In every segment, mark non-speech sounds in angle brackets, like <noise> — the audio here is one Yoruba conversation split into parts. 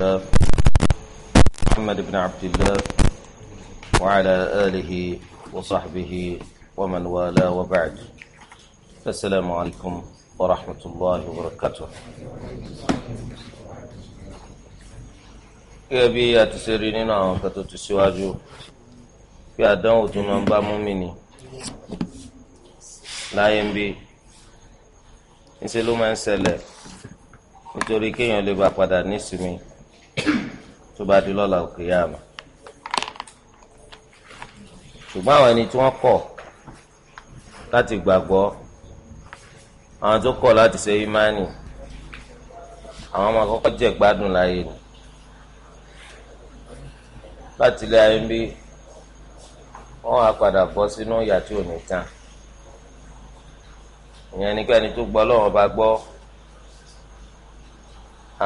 الله محمد بن عبد الله وعلى آله وصحبه ومن والاه وبعد فالسلام عليكم ورحمة الله وبركاته gẹ́gẹ́ bí a ti ṣe rí nínú àwọn kan tó ti síwájú bí àdánwò tó máa ń bá mú mi ni láyé ń bí ńṣe ló máa ń ṣẹlẹ̀ nítorí kéèyàn lè bá padà nísìmí tó bá di lọ́la òkè yá àmà ṣùgbọ́n àwọn ẹni tí wọ́n kọ̀ láti gbàgbọ́ àwọn tó kọ̀ láti ṣe ìmánì àwọn ọmọ àkọ́kọ́ jẹ́ gbádùn láyé ni láti ilé ayé ń bí wọ́n á padà bọ́ sínú ìyà tí ò ní tán ìyẹn ni pé ẹni tó gbọ́ lọ́wọ́ bá gbọ́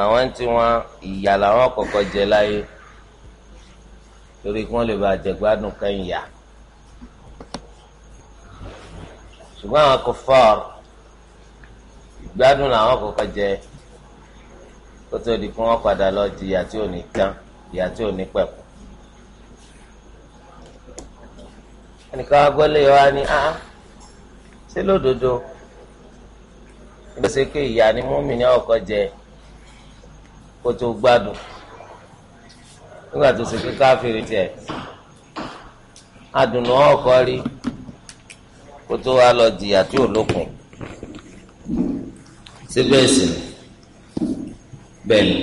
àwọn tí wọn ìyà làwọn kọ́kọ́ jẹ láyé torí kí wọn lè bá jẹgbádùn kan yà ṣùgbọ́n àwọn kòfàr ìgbádùn làwọn kọ́kọ́ jẹ kó tó di kí wọn padà lọ di ìyà tí ò ní tán ìyà tí ò ní pẹ̀kú. ẹnìkan agbọ́lé wa ni a ṣé lódodo ìgbésẹ̀ pé ìyà ni múmi ní ọkọ̀ jẹ kó tó gbádùn nígbà tó ṣe pé káfíìrì tiẹ̀ adùnú ọkọ rí kó tó wá lọ jìyà tí ò lópin síbẹ̀ sí bẹ́ẹ̀ ni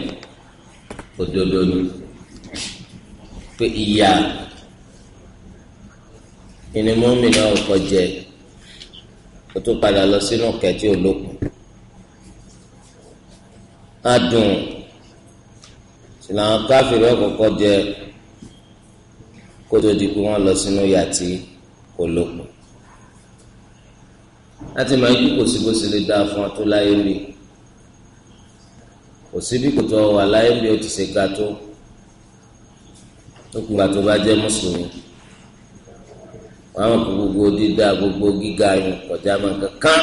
òdodo ni pé ìyá ìnimọ́mì náà ọkọ̀ jẹ kó tó padà lọ sínú kẹtí ò lópin adùn sìlànà káfíìrì ọ̀kọ̀ọ̀kọ̀ jẹ kótó di pé wọ́n lọ sínú yàtí kò lópin láti máa yí kò sí bó ṣe lè dáa fún ọ tó láyé mi kò sí bí kò tó wà láyé mi ó ti ṣe ga tó lókun gbà tó bá jẹ́ mùsùlùmí wàá mọ̀ gbogbo dídá gbogbo gíga yìí kọjá mọ́ kankan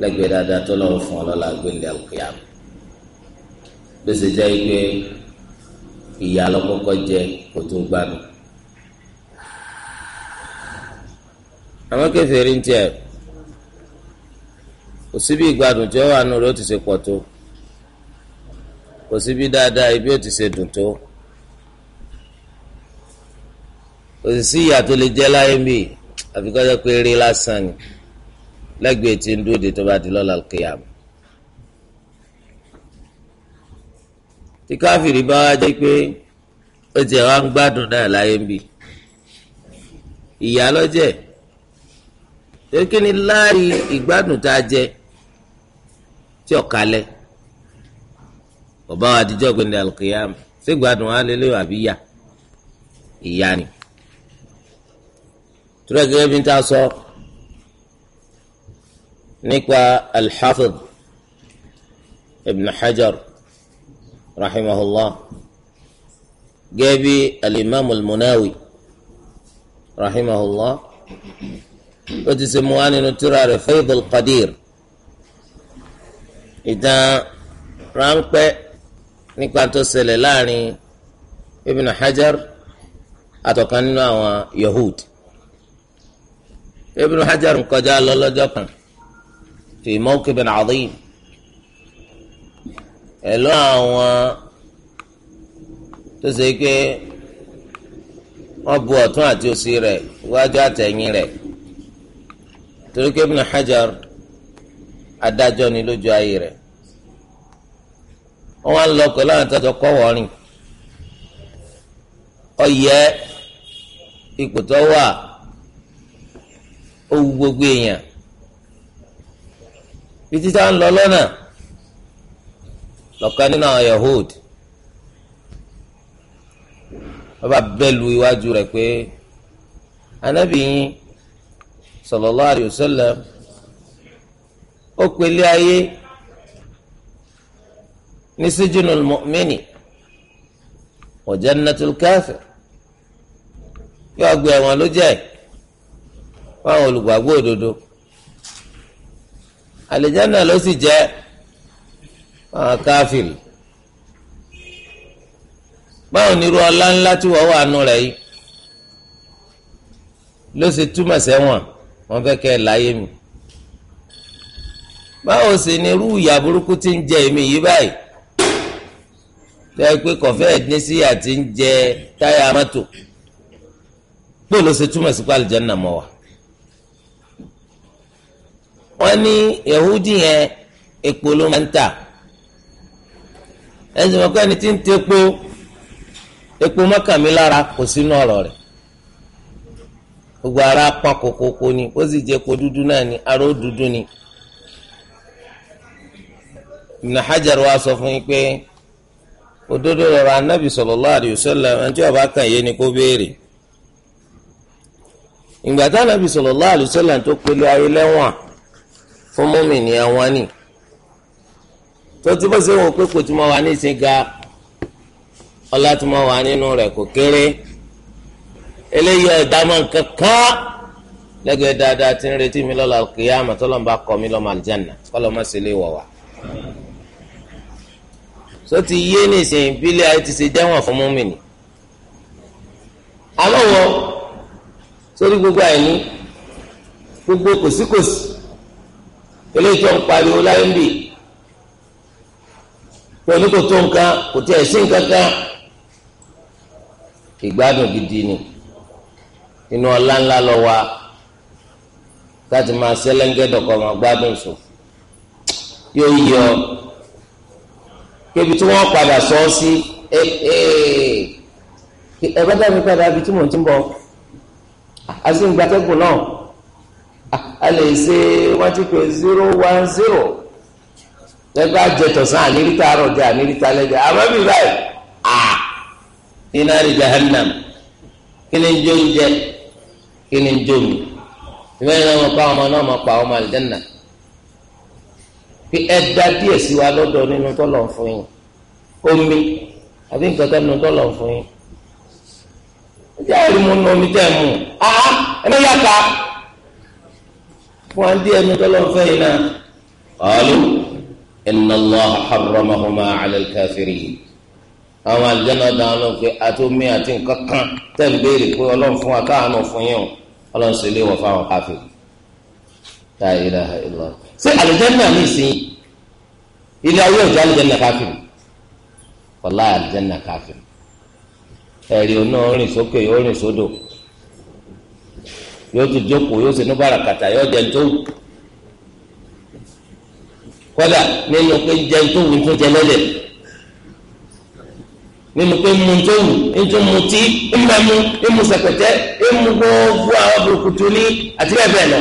lẹ́gbẹ̀ẹ́ dáadáa tó lọ́wọ́ fún ọ lọ́la gbẹ̀lẹ́ àwòkẹ́yàmù. ló ṣe jẹ́ pé ìyá lọ́kọ́kọ́ jẹ kó tó gbádùn. àwọn ń tiẹ̀ kò síbi ìgbádùn tí ó wà nù ó ti ṣe pọ̀ tó kò síbi dáadáa ibi ó ti ṣe dùn tó kò sì sí ìyà tó lè jẹ́ láyé mi pé eré lásán di lọ́la tí káfíìrì bá wá jẹ́ pé ó tiẹ̀ wá ń gbádùn náà láyé ń bì ìyá lọ́jẹ̀ tó kí ni láàrin ìgbádùn tá a jẹ tí ọ̀kalẹ̀ ọba wa dijọ́ gbẹ̀ndẹ̀ alukiyam ṣé gbádùn wa lélẹ́yìn àbí yà ìyá ni tura gẹ́gẹ́ bí n ta sọ nípa al ibn Hajar. رحمه الله جابي الإمام المناوي رحمه الله وتسموان نترى فيض القدير إذا رانك نكوان توصل لاني ابن حجر أتوكان يهود ابن حجر قد قال الله في موكب عظيم ẹ̀lọ́ àwọn tó ṣe pé wọn bu ọ̀tún àti òsì rẹ̀ iwájú àtẹ̀yìn rẹ̀ torí pé Ibn Hajar adájọ́ ni lójú ayé rẹ̀ wọ́n wá ń lọ pẹ̀lú àwọn àtàjọ kọ́wọ́rìn ọ̀yẹ́ ipò tó wà ó wú gbogbo èèyàn bí títà ń lọ lọ́nà. lọ́kàn nínú àwọn yahood wọ́n bá bẹ́ẹ̀ lu iwájú rẹ̀ pé anabi yín sallallahu alayhi wa sallam ó pèlé ayé ní sijinul mu'mini wa jannatul kafir yóò gbé ẹ̀wọ̀n ló jẹ́ fáwọn olùgbàgbọ́ òdodo àlìjáná ló sì jẹ́. Ah, káfíìl báwo ni irú ọlá ńlá tí wọ́n wà nù rẹ̀ yìí ló ṣe túmọ̀ sẹ́wọ̀n wọ́n fẹ́ kẹ́ ẹ láyé mi báwo sì ni irú ìyà burúkú tí ń jẹ èmi yìí báyìí tẹ́ pé kọ̀fẹ́ ẹ̀dín sí àti ń jẹ táyà mọ́tò pé ló ṣe túmọ̀ sí pé àlùjánnà mọ́ wa wọ́n ní yahudi yẹn epo ló máa ń tà. ẹsìn ọkọ ẹni tí ń te epo epo mọ́kànmí kò sínú ọ̀rọ̀ rẹ̀ gbogbo ara pọn kòkòkò ni ó sì jẹ epo dúdú náà ni aró dúdú ni Ibn Hajar wa sọ fún yín pé ọba kan yé ni kó béèrè ìgbà tí tó ayé lẹ́wọ̀n fún mọ́mìnì tó tí bó ṣe wò pé kò tí mo wà ní ìsìn ga ọlá tí mo wà nínú rẹ̀ kò kéré eléyìí ọ̀dàmọ̀ kankan lẹ́gbẹ̀ẹ́ dáadáa ti ń retí mi lọ́la kìyàmà tọ́lọ́ ń bá kọ́ mi lọ́mọ àlìjáná kọ́lọ́ má ṣe lè wọ̀ wá. sọ ti yé nìsín bílẹ̀ ayé ti ṣe dẹ́wọ̀n fún múmìnì. àmọ́ wọ sórí gbogbo àìní gbogbo kòsíkòsí eléyìí tó ń pariwo láyé ń bì í pẹ̀lú kò tó nǹkan kò tí ẹ̀ sí nǹkan kan ìgbádùn gidi ni inú ọlá ńlá lọ wa láti máa sẹlẹ́ńgẹ́dọ̀kọ̀ máa gbádùn sùn yóò yọ kébi tí wọ́n padà sọ ọ́ sí ẹ bá dábìí padà bí tí mò ń ti bọ̀ àti ìgbàtẹ́gùn náà a lè ṣe wọ́n ti zero one zero tẹ́gbà jẹ tọ̀sán àníríta àròjẹ àníríta lẹ́jẹ àbábí báyìí à iná rí jahannam kí ni ń jó ń jẹ kí ni ń jó mi ìwé iná wọn pa ọmọ náà máa pa ọmọ àlìjẹ́nà fi ẹ díẹ̀ sí wa lọ́dọ̀ nínú tọ́lọ̀ fún yín omi àbí nǹkan kan nínú tọ́lọ̀ fún yín ìjà ìlú mu nù omi tẹ̀ mú ah ẹni yàtọ̀ fún wa díẹ̀ nínú tọ́lọ̀ fún yín náà ọ̀lú inna allah haramahuma ala al-kafirin àwọn àlùjáná dáná ló pé àti omi àti nǹkan kan tẹ̀ ń béèrè pé ọlọ́run fún wa káàánú fún yín o ọlọ́run sì lè wọ̀ fáwọn káfíìn la ilaha illa ṣé àlùjáná ní ìsìn ilé ayé òjò àlùjáná káfíìn wàlá àlùjáná káfíìn ẹ̀rí oná orin sókè orin sódò yóò tún jókòó yóò sì ní bàràkàtà yóò jẹ́ nítorí kódà nínú pé jẹ tó wù tó jẹ lẹ́lẹ̀ nínú pé mu tó wù ètò mu tí ìmọ̀mú ìmú sẹ̀pẹ̀tẹ̀ ìmú gbogbo àwọn burúkutu ní àti bẹ́ẹ̀ bẹ́ẹ̀ lọ.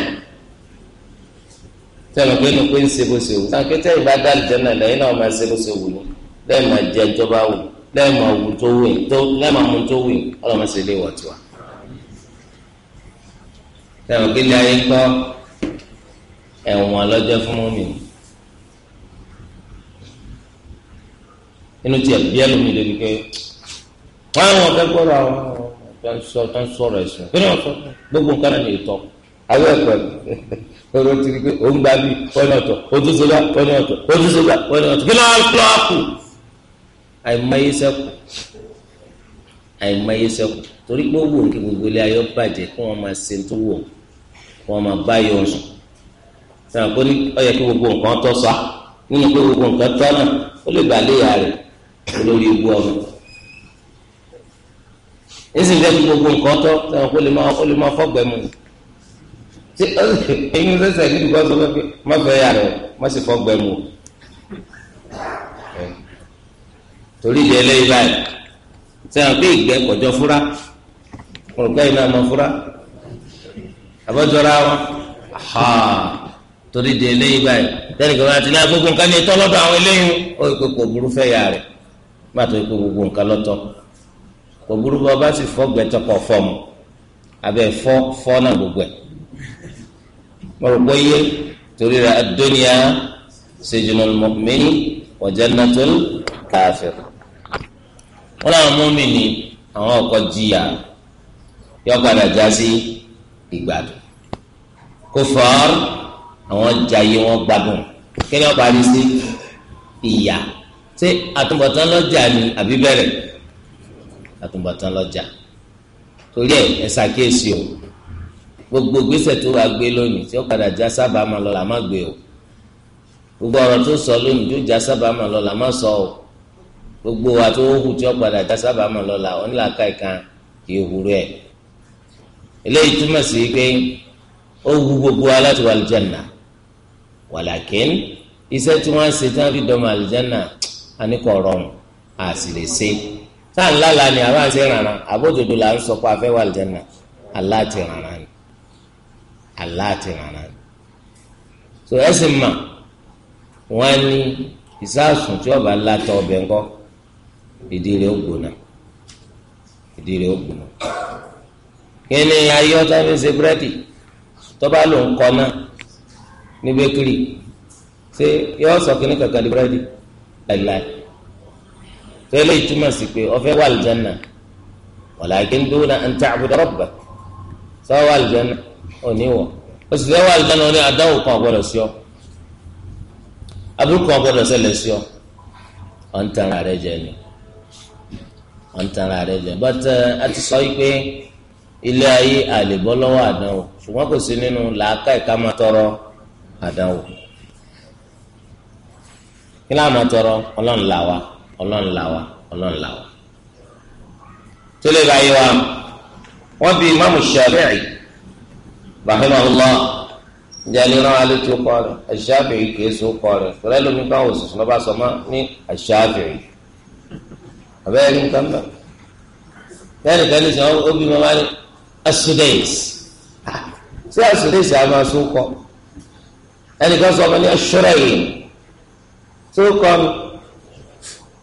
sọ̀rọ̀ pé nínú pé ń ṣe bó ṣe wù náà kété ìbá dá àlùjẹ́ náà lẹ́yìn náà máa ṣe bó lẹ́yìn máa jẹ tó wù lẹ́yìn máa wù tó wù tó lẹ́yìn máa mu tó wù ọlọ́mọ ṣe lé wọ̀ tiwa. sọ̀rọ̀ pé ilé ayé kọ́ ẹ̀wọ̀n lọ́jọ́ fún mọ́mì inú tiẹ̀ bí ẹlòmíì lè ní pé wọ́n àwọn ọ̀fẹ́ gbọ́dọ̀ àwọn tó ń sọ̀rọ̀ ẹ̀sìn kí ni wọ́n sọ gbogbo nǹkan náà ní ìtọ́ àwọn ẹ̀kọ́ ọ̀rọ̀ ti rí pé ó ń gba bí wọ́n ọ̀tọ̀ ó tún sọ́gbà wọ́n ọ̀tọ̀ ó tún sọ́gbà wọ́n ọ̀tọ̀ kí ló ń lọ́ kù àìmọye sẹ́kù àìmọye sẹ́kù torí pé ó wù ní gbogbo ilé ayọ́ bàjẹ́ kí wọ́n máa ṣe tó wù kí wọ́n máa bá yọ sùn sàn kó ó yẹ kí gbogbo nǹkan tọ́ sọ nínú pé gbogbo nǹkan tọ́ náà ó lè gbà léyà rẹ̀ olórí ibu ọmọ nísìnyí fẹ́ kí gbogbo nǹkan tọ́ sẹ́wọ̀n kó lè máa kó lè máa fọ́gbẹ́ mu ṣé ẹyin sẹ́sẹ̀ níbi kan sọ fẹ́ pé má fẹ́ yà rẹ̀ má sì fọ́gbẹ́ mu torí ìdí ẹlẹ́yìn báyìí sẹ́wọ̀n pé ìgbẹ́ kọjọ fúra olùkọ́ yìí náà mọ fúra àbọ̀jọra wọn torí ìdí ẹlẹ́yìn báyìí sẹ́wọ̀n kí ní agbègbè nǹkan ní ìtọ́lọ́dọ̀ àwọn eléyìn ó ìpè burú fẹ́ yà rẹ̀ gbàtọ ikú gbogbo nǹkan lọtọ kò burúkú ọba sì fọ gbẹtọ kọ fọ mu abẹ fọ fọ náà gbogbo ẹ mo rò pé yé torí rẹ adóníyà sejunal mọkùnmíní wa jannatul káfíìn wọn làwọn mọmì ni àwọn ọkọ jìyà yọ padà já sí ìgbàdùn kò fọ àwọn jayé wọn gbádùn kí ni wọn parí sí ìyà ṣé àtúbọ̀tán lọ́jà ni àbí bẹ̀rẹ̀ àtúbọ̀tán lọ́jà torí ẹ ẹ ṣàkíyèsí o gbogbo gbèsè tó wàá gbé lónìí tí ó padà já sábà máa lọ là má gbé o gbogbo ọ̀rọ̀ tó sọ lónìí tó já sábà máa lọ là má sọ o gbogbo wa tó hù tí ó padà já sábà máa lọ là òun làákà ìkan kì í hurú ẹ eléyìí túmọ̀ sí pé ó hu gbogbo wa láti wà àlùjánnà wàlàkín iṣẹ́ tí wọ́n ṣe tí wọ́n fi dọ́mọ àlùjánnà àníkọ̀ rọrùn àsìlèsè táà ńlá la ni àbá ń rànà àbójúdo là ń sọ pé afẹ́ wà lìjẹ́nà Allah ti rànà ni Allah ti rànà ni so ẹ sì mà wọn ní ìsáàsùn tí ọba látọ ọbẹ nkọ ìdí rẹ̀ ó gbóná ìdí rẹ̀ ó gbóná kí ni ayé ọtá fi ṣe búrẹ́dì tọ́ba ló ń kọ́ náà láìláì tó eléyìí túmọ̀ sí pé ó fẹ́ wà àlùjánnà walakin duna an ta'buda rabbak sọ wà àlùjánnà ò ní wọ̀ ó sì fẹ́ wà àlùjánnà ó ní àdáwò kan ọ̀gbọ́dọ̀ sí ọ aburú kan ọ̀gbọ́dọ̀ ṣẹlẹ̀ sí ọ ọ̀ ń tan ara jẹ ni ọ̀ ń tan ara jẹ bọ́tẹ́ eh, a ti sọ yìí pé ilé ayé àlèbọ́ lọ́wọ́ àdánwò ṣùgbọ́n kò sí nínú làákà ìka tọrọ àdánwò kí láwọn máa tọrọ ọlọ́run là wá ọlọ́run là wá ọlọ́run là wá. tó lè báyìí wa wọ́n bí imáàmù Shafi'i rahimahullah jẹ́lẹ̀ rán alétí ó kọ́ rẹ̀ Shafi'i kìí sọ kọ́ rẹ̀ fúnra lómi bá wò sùn lọ́ba sọ ní Shafi'i abẹ́rẹ́ ní nǹkan bá bẹ́ẹ̀ sọ ó bí mọ́ ah, ní As-Sudais sí As-Sudais sọ kọ́ ẹnìkan sọ ma ní as sókọ mi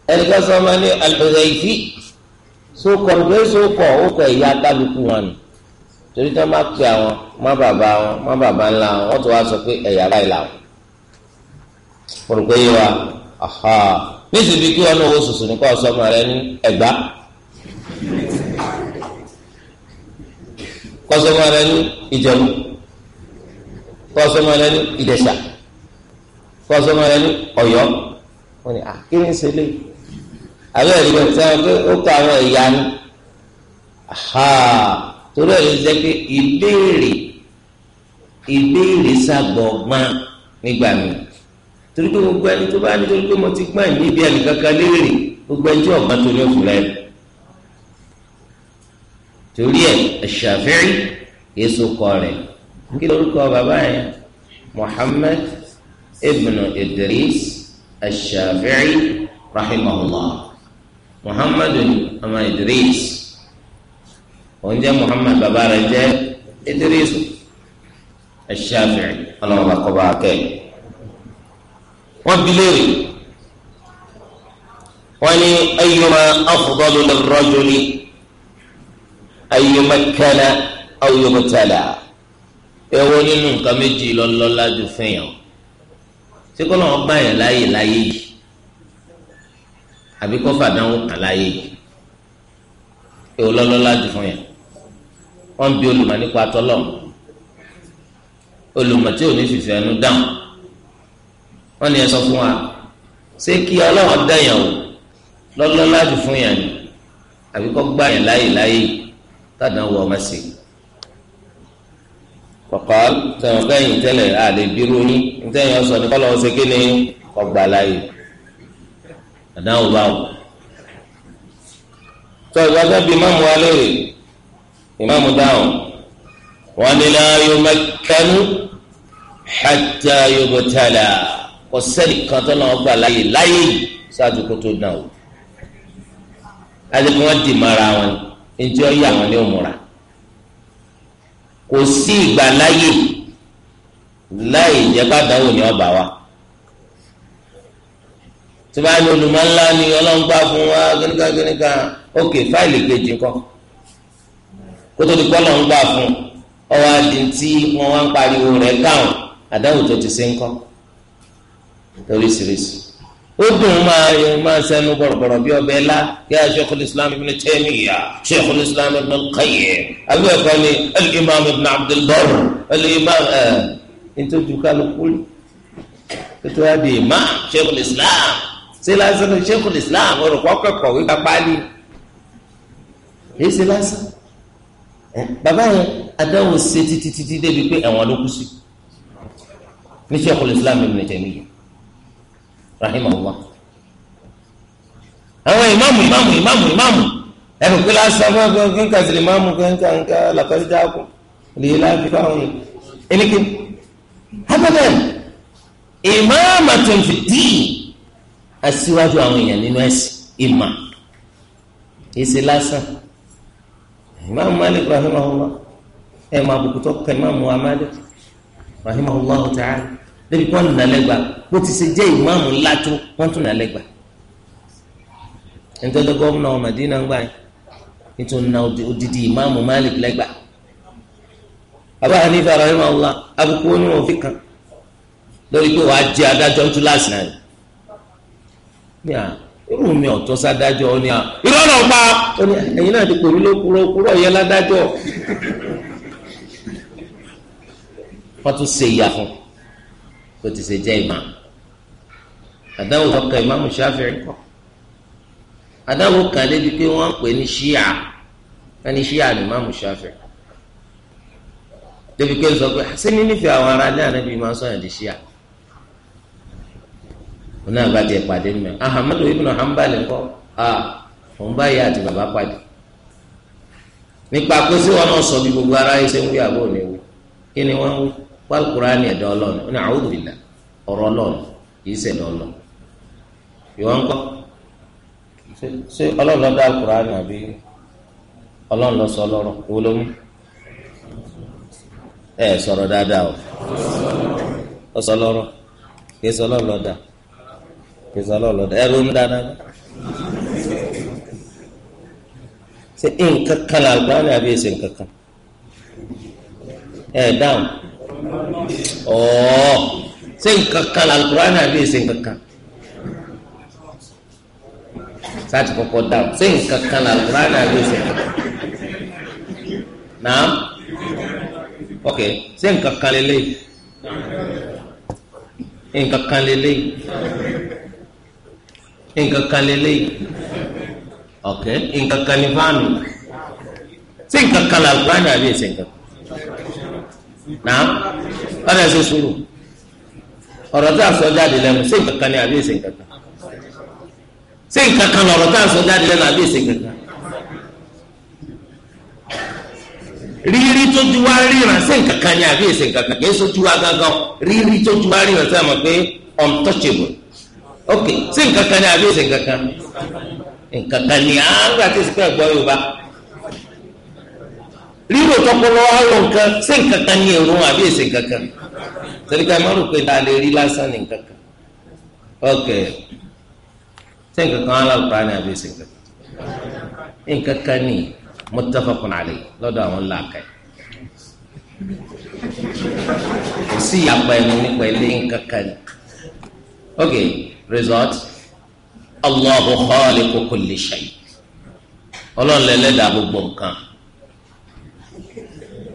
ẹnìkan sọ ma ní Al-Hudhayfi sókọ mi pé sókọ ó kọ ìyá kálukú wọn ni torí tí wọn bá pè àwọn má bàbá wọn má bàbá ńlá wọn wọn tó wá sọ pé ẹ̀yà báyìí làwọn olùkọ́ yìí wa nísìbí kí wọn náà wọ sùsù ní kó rẹ ní Ẹ̀gbá kọsọ rẹ ní Ìjẹ̀bú kọsọ rẹ ní Ìjẹ̀ṣà kọsọ rẹ ní Ọ̀yọ́ wọn ni àkíní ṣe lè abẹ́ ìlú sẹ́wọ́n pé ó kọ àwọn ẹ̀yà ni torí ẹ̀ ló jẹ́ pé ìbéèrè ìbéèrè ṣàgbọ̀gbọ́n nígbà mi torí pé gbogbo ẹni tó bá ní torí pé mo ti gbọ́n ní ibi ẹnì kankan léèrè gbogbo ẹni tí ọ̀gbọ́n tó ní oṣù rẹ̀ torí ẹ̀ Ṣàfi'í yéṣu kọ rẹ̀ kí lórúkọ bàbá yẹn Muhammad ibnu Idris. الشافعي رحمه الله محمد أما إدريس وإن محمد بابا إدريس الشافعي أنا الله قباك وبليري ولي أيما أفضل للرجل أن يمكن أو يبتلى ewo nínú nǹkan méjì lọ́lọ́lá ṣé kọ́ lọ́wọ́ gbà yẹn láàyè láàyè yìí àbí kọ́ fàdánwò kàn láàyè yìí èwo lọ́lọ́lá jù fún yẹn wọ́n bí olùmọ̀ nípa tọ́lọ̀ olùmọ̀ tí ò ní fìfẹ́ ẹnu dáhùn wọ́n ní ẹ sọ fún wa ṣé kí ọlọ́wọ́ dẹ̀yàn o lọ́lọ́lá jù fún yẹn àbí kọ́ gbà yẹn láàyè láàyè yìí tàdánwò ọmọ sí i kọ̀kọ́ sẹ́wọ̀n kẹ́yìn tẹ́lẹ̀ àlè bírú yín ntẹ́yìn ọ̀sán ni kọ́lọ́ ọ̀sẹ̀ kéne ọgbà láàyè àdáhùn báwò. tó ìgbà tó bí imáàmù wa lóore imáàmù dáhùn wọn ni náà yóò mẹ́kánú hatta yubtala kò sẹ́ni kan tó náà ọgbà láàyè láàyè ṣáàtú kó tó dáhùn. adé kí wọ́n mara wọn ntí ọ yà wọn ní òmùra kò sí ìgbà láyè láì jẹ́ pàdánwò ní ọba wa tí bá ní olùmọ̀ ńlá ni ọlọ́ngbà fún wa gínníkan gínníkan ókè fáìlì kejì kan kótó ti kọ́ lọ́ngbà fún ọwọ́ adi tí wọ́n wá ń pariwo rẹ̀ gáwọn àdáwò tó ti ṣe ń kọ́ lóríṣiríṣi ó dùn máa máa sẹnu bọ̀rọ̀bọ̀rọ̀ bí ọbẹ̀ la yá sheikhul islam ibn taymiya sheikhul islam ibn al-qayyim abu ẹ̀kọ́ ni al-imam ibn abdulbar al ẹ̀ nítorí ètò àdé imam sheikhul islam ṣé lásán islam ọ̀rọ̀ kọ́kọ́ kọ̀wé kápálí èyí ṣe bàbá yẹn adáwọ̀ ṣe títí títí débi pé ẹ̀wọ̀n ló kú sí ní sheikhul islam ibn taymiya rahimahullah àwọn ìmáàmù ìmáàmù ìmáàmù ìmáàmù ẹnu pé lásán fún ẹgbẹ́ kínkà sí ìmáàmù kínkà nǹkan làkọjá kù lèyí láti fáwọn yìí ẹnìkí abẹ́rẹ́ ìmáàmù twenty d aṣíwájú àwọn èèyàn nínú ẹ̀sìn ìmà èsì lásán ìmáàmù Malik rahimahullah ẹ̀ máa bùkútọ́ kẹ́ ìmáàmù wa Malik rahimahullah ta'ala. débi kí wọ́n nà lẹ́gbàá bó ti ṣe jẹ́ ìmáàmù ńlá tó wọ́n tún nà nítorí gómìnà nítorí na odidi ìmáàmù Malik lẹ́gbàá Abu Hanifa rahimahullah abukú onímọ̀ òfin kan lórí pé wàá jẹ adájọ́ ń tú láàsì náà mi ọ̀tọ́ sádájọ́ ọ ní à ní ẹ̀yin náà ti yẹ ládájọ́ wọ́n tún ṣe bó ti ṣe jẹ́ ìmọ̀ àdáwò ọkọ̀ ìmáàmù Ṣáfi'í kọ́ àdáwò kan débi pé wọ́n ń pè ní ṣíà wọ́n ní ṣíà ní ìmáàmù Ṣáfi'í débi pé ń sọ pé ṣé ní nífẹ̀ẹ́ àwọn ará ilé ànábì máa ń sọ̀yàn di ṣíà wọn náà bá tiẹ̀ pàdé mẹ́ Ahmadu ibn Hanbal ńkọ́ òun bá yẹ àti bàbá pàdé nípa pé sí wọn náà sọ bí gbogbo ara yìí ń wí àbọ̀ òní wí kí ni wọ́n ń wí wàlú kúránì ẹ̀dọ́ ọlọ́ọ̀ni ó ní a'udhu billah ọ̀rọ̀ ọlọ́ọ̀ni kìí ṣẹ̀dọ́ ọlọ́ ìwọ ń kọ́ ṣé ọlọ́ọ̀ni ló dá kúránì àbí ọlọ́ọ̀ni ló sọ ọlọ́rọ̀ owó ló mú ẹ sọ̀rọ̀ dáadáa o ó sọ ọlọ́rọ̀ kìí sọ ọlọ́ọ̀ni ló dá kìí sọ ọlọ́ọ̀ni ló dá ẹ ronú dáadáa ṣe nǹkan kan làgbá ni àbí ẹsẹ̀ nǹkan kan ẹ dáhùn. Oh, sing kekal Al-Qur'an ini sing kekal. Saya cukup kodam, sing kekal Al-Qur'an sing kekal. Nah, oke, okay. sing kekal ini. Sing kekal ini. Sing kekal ini. Oke, okay. sing kekal ini. Sing kekal Al-Qur'an sing kekal. náà ọ̀nà ẹ̀sẹ̀ sùúrù ọ̀rọ̀ tá a sọ jáde lẹ́nu ṣé nǹkan ni àbí èsè nǹkan kan ṣé nǹkan kan lọ̀rọ̀ tá a sọ jáde lẹ́nu àbí èsè nǹkan kan tó ju wá ríran ṣé nǹkan ni àbí èsè nǹkan kan kì í sojú wá gángan rírí tó ju wá ríran ṣé a pé untouchable ok ṣé nǹkan ni àbí èsè nǹkan kan nǹkan ni àgbà tí ìsìnkú ẹ̀gbọ́n Yorùbá rírò tọpọlọ wa rò nǹkan ṣé nǹkan kan ní èrò àbí èsè kankan torí ká má rò pé ta lè rí lásán ní nǹkan kan ok ṣé nǹkan kan alákùnrin ní àbí èsè kankan nǹkan kan ní muttafaqun alayh lọ́dọ̀ àwọn làákà yìí kò sí ìyàpá ẹnu nípa ilé nǹkan kan ní ok result Allahu khaliqu kulli shay ọlọ́run lẹ́lẹ́dàá gbogbo nǹkan.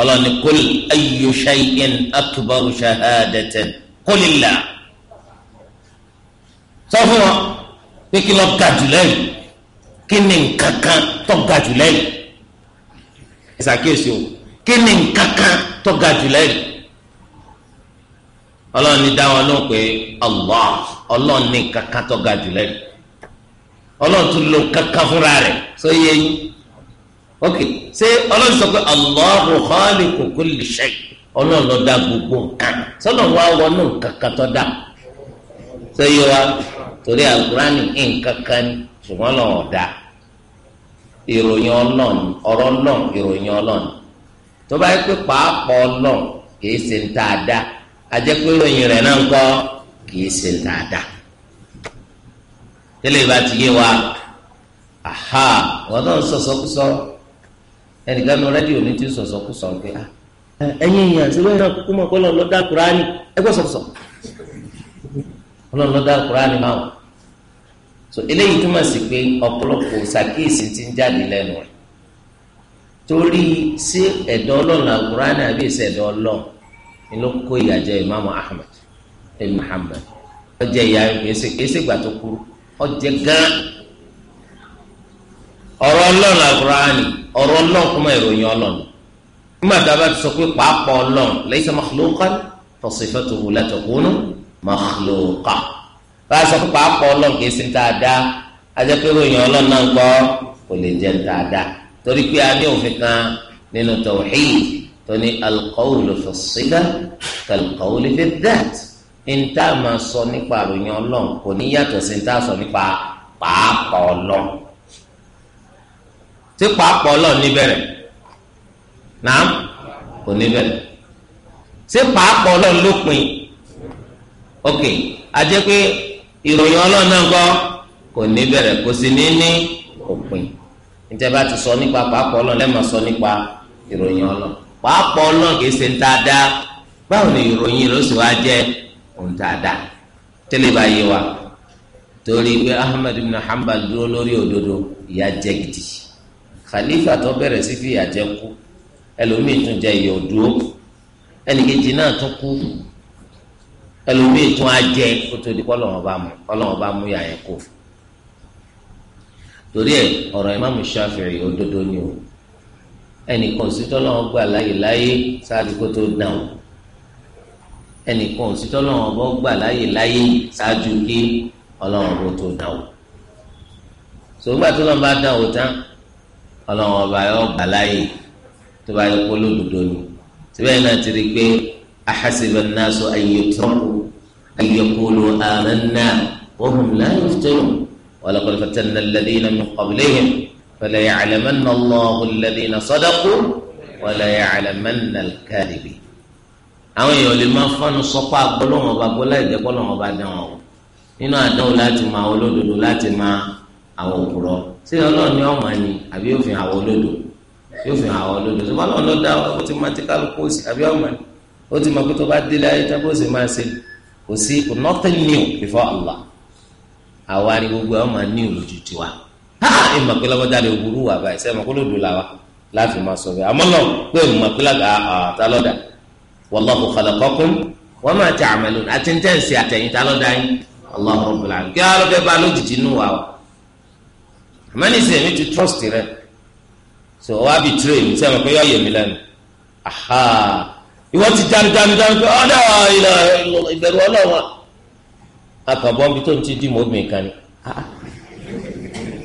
ọlọ́ni kul ayyu shay'in akbaru shahadatan kulillah sọ fún wọn pé kí ló ga jù lẹ́yìn kí ni nǹkan kan tó ga jù lẹ́yìn ìsàkíyèsí o kí ni nǹkan kan tó ga jù lẹ́yìn ọlọ́ni dá wọn lóhùn pé allah ọlọ́ni nǹkan kan tó ga jù lẹ́yìn ọlọ́run tún lo kankan fúnra rẹ̀ sọ yẹ yín ok ṣé ọlọ́run sọ pé Allahu khaliqu kulli shay ọlọ́run ló dá gbogbo nǹkan sọ́nà wa wọnú nǹkan kan tó dá ṣé yé wa torí àgùránì nǹkan kan ni ṣùgbọ́n lọ́wọ́ dá ìròyìn ọlọ́run ọ̀rọ̀ ọlọ́run ìròyìn ọlọ́run tó bá yẹ pé pàápọ̀ ọlọ́run kìí ṣe ń tà dá ajẹ́pẹ́ ìròyìn rẹ̀ náà ń kọ́ kìí ṣe ń tà dá tẹ́lẹ̀ bá ti yé wa aha wọ́n náà sọ̀sọ́ sọ̀rọ̀ ẹnìkan nu rẹ́díò ní ti sọ̀sọ̀ kú sọ̀ pé ah, ẹ̀yin èèyàn ṣe wẹ́n náà kúkú mọ̀ kọ́ lọ́ọ́ lọ́dá kúránì ẹgbẹ́ sọ̀sọ̀ ọlọ́ọ́ lọ́dá kúránì máa wọ̀ so eléyìí túmọ̀ sí pé ọ̀pọ̀lọpọ̀ ṣàkíyèsí ti ń jáde lẹ́nu rẹ̀ torí sí ẹ̀dọ́ ọlọ́run àkùránì àbí èsì ẹ̀dọ́ ọlọ́run ni ló kó ìyàjẹ́ ìmáàmù Ahmad ibn Muhammad ọjẹ́ ìyá ẹ̀sìn ìgbà tó kúrú ọjẹ́ gan ọ̀rọ̀ ọlọ́run àgùránì ọ̀rọ̀ ọlọ́run kọ́mọ ìròyìn ọlọ́run nígbà tá a bá ti sọ pé pàápàá ọlọ́run laysa makhluqan fa sifatuhu la takunu makhluqa bá a sọ pé pàápàá ọlọ́run kìí sin tá a dá a jẹ́ pé ìròyìn ọlọ́run náà ń gbọ́ kò lè jẹ́ tá torí pé a ní òfin kan nínú tawhid tó ní alqawlu fi siga kalqawli fi dhat níta máa sọ nípa ìròyìn ọlọ́run kò ní yàtọ̀ sí níta sọ nípa pàápàá ọlọ́run tí pàápọ̀ ọlọ́run níbẹ̀rẹ̀ náà kò níbẹ̀rẹ̀ tí pàápọ̀ ọlọ́run ló pin ok àjẹ́ pé ìròyìn ọlọ́run náà kọ́ kò níbẹ̀rẹ̀ kò sì ní ní òpin níta bá ti sọ nípa pàápọ̀ ọlọ́run lẹ́mọ̀ sọ nípa ìròyìn ọlọ́run pàápọ̀ ọlọ́run kì í ṣe ń ta dá báwo ni ìròyìn ló sì wá jẹ́ òun ta dá tẹ́lẹ̀ bá yé wa torí pé Ahmad ibn Hanbal dúró lórí òdodo ìyá jẹ́ khalifa tó bẹ̀rẹ̀ sí fìyà jẹ kú ẹlòmíì tún jẹ ìyọ̀ dúró ẹnìkejì náà tún kú ẹlòmíì tún á jẹ kó tó di kọ́ lọ́wọ́ bá mú ọlọ́wọ́ bá mú yà yẹn kó torí ẹ ọ̀rọ̀ ìmáàmù Ṣáfi'í òdodo ni o ẹnìkan òsítọ́ lọ́wọ́ gbà láyè láyé sáájú kó tó dàn o ẹnìkan òsítọ́ lọ́wọ́ bọ́ gbà láyè láyé sáájú kí ọlọ́wọ́ bó tó dàn o sògbà tó lọ́wọ́ bá dàn o tán ọlọ́run ọba yọ gbà láàyè tó bá yẹ kó lódodo ni síbẹ̀ náà ti rí i pé ahasiba an-nasu an yutraku an yaqulu amanna wa hum la yuftanun wa laqad fatanna alladhina min qablihim fala ya'lamanna Allahu alladhina sadaqu wa la ya'lamanna al-kadhibin àwọn èèyàn lè máa fọnù sọpá gbọlọmọba gbọlá ìjẹgbọlọmọba dán wọn nínú àdánwò láti máa olódodo láti máa àwọn òpùrọ́ ṣé Ọlọ́run ni ọmọ ni àbí yóò fi hàn àwọn olódò yóò fi hàn àwọn olódò ṣùgbọ́n Ọlọ́run ló dá ó ti máa ti kálukú sí àbí ọmọ ni ó ti mọ pé tó bá délé ayé tán bó ṣe máa ṣe kò sí kò nothing new before Allah àwa ni gbogbo àwọn máa ní olójú tiwa ha ìmọ̀ pé lọ́kọ́jà lè wúrú wà báyìí sẹ́mi kó lòdù làwa láti máa sọ bẹ́ẹ̀ àmọ́ lọ pé ìmọ̀ pé lọ́kọ́ àtàlọ́dà wallahu khalaqakum wa ma ta'malun àti ń tẹ̀sí àtẹ̀yìn tàlọ́dà yín Allahu Rabbul alamin kí wọ́n lọ́ bá lójijì nù wà wá àmọ́ ní sèmi ti trust rẹ so wá bi tray mi sẹ́wọ̀n pé yọ yẹ mi lẹ́nu aha ìwọ ti dánu dánu dánu pé ọ̀dà oh, ìlà ìbẹ̀rù ọlọ́wọ́n akàbọ̀n bi tó ń ti di mọ́ obìnrin kan ni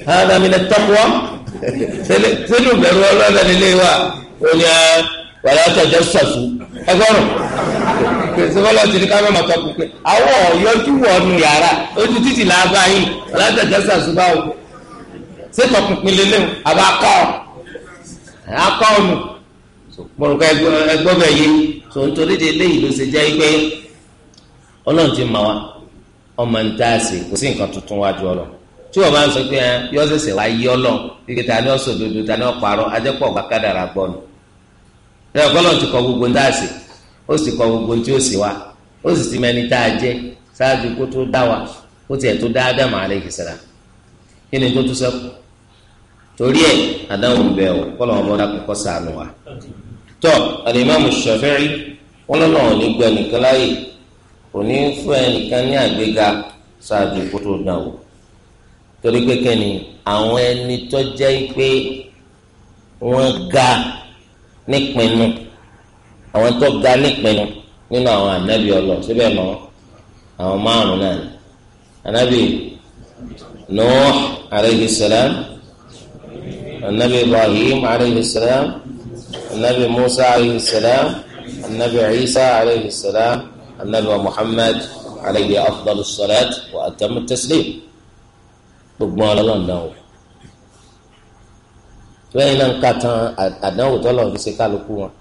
ha ha mi lẹ tọ́kùwọ́ sínú ìbẹ̀rù ọlọ́wọ́n nílé wa ó ní ah, wàlẹ́ ọ̀tọ̀jọ́ sọ̀tún ẹgbọ́rún sọfọlọ ti di ká mẹ́ma tọ́kù pé àwọn ọ̀yọ́jú wọ̀ọ́nù yàrá ojú títì làbáyé ọ̀làtọ̀jọ́ sọ̀tún báwo. sètò pinpin lélẹ̀ àbá kọ́ akọ́ ọ̀nù mọ̀rùkọ ẹgbọ́ bẹ̀ yé tó nítorí de eléyìí ló ṣe jẹ́ pé ọlọ́run ti mọ̀ wá ọmọ ń tá a sè kò sí nǹkan tuntun ọlọ tí o bá ń sọ pé ẹ yọ sẹsẹ wá yí ọlọ ike ta ni dodo ta ajẹpọ gbọnu ẹ ti kọ gbogbo ń a sè ó sì kọ gbogbo tí ó sì wá ó a jẹ kó wa kó tó dá ádámù torí ẹ̀ àdáhùn bẹ̀ ọ́ kọ́lọ̀ ọmọ náà kọ́kọ́ sànù wa. tọ́ alimami Shafi'i wọn lọ́nà òní gbẹ nìkan láàyè òní fún ẹnìkan ní àgbéga ṣáàjú kó tó dàn wò torí pé kẹ́ni àwọn ẹni tó jẹ́ pé wọ́n ga nípinnu àwọn tó ga nípinnu nínú àwọn ànábì ọlọ síbẹ̀ mọ́ àwọn márùn náà ànábì Nuh alayhi النبي إبراهيم عليه السلام النبي موسى عليه السلام النبي عيسى عليه السلام النبي محمد عليه أفضل الصلاة وأتم التسليم gbogbo الله náà wò lẹ́yìn náà ń ka tán àdánwò tọ́lọ̀ fi ṣe kálukú wọn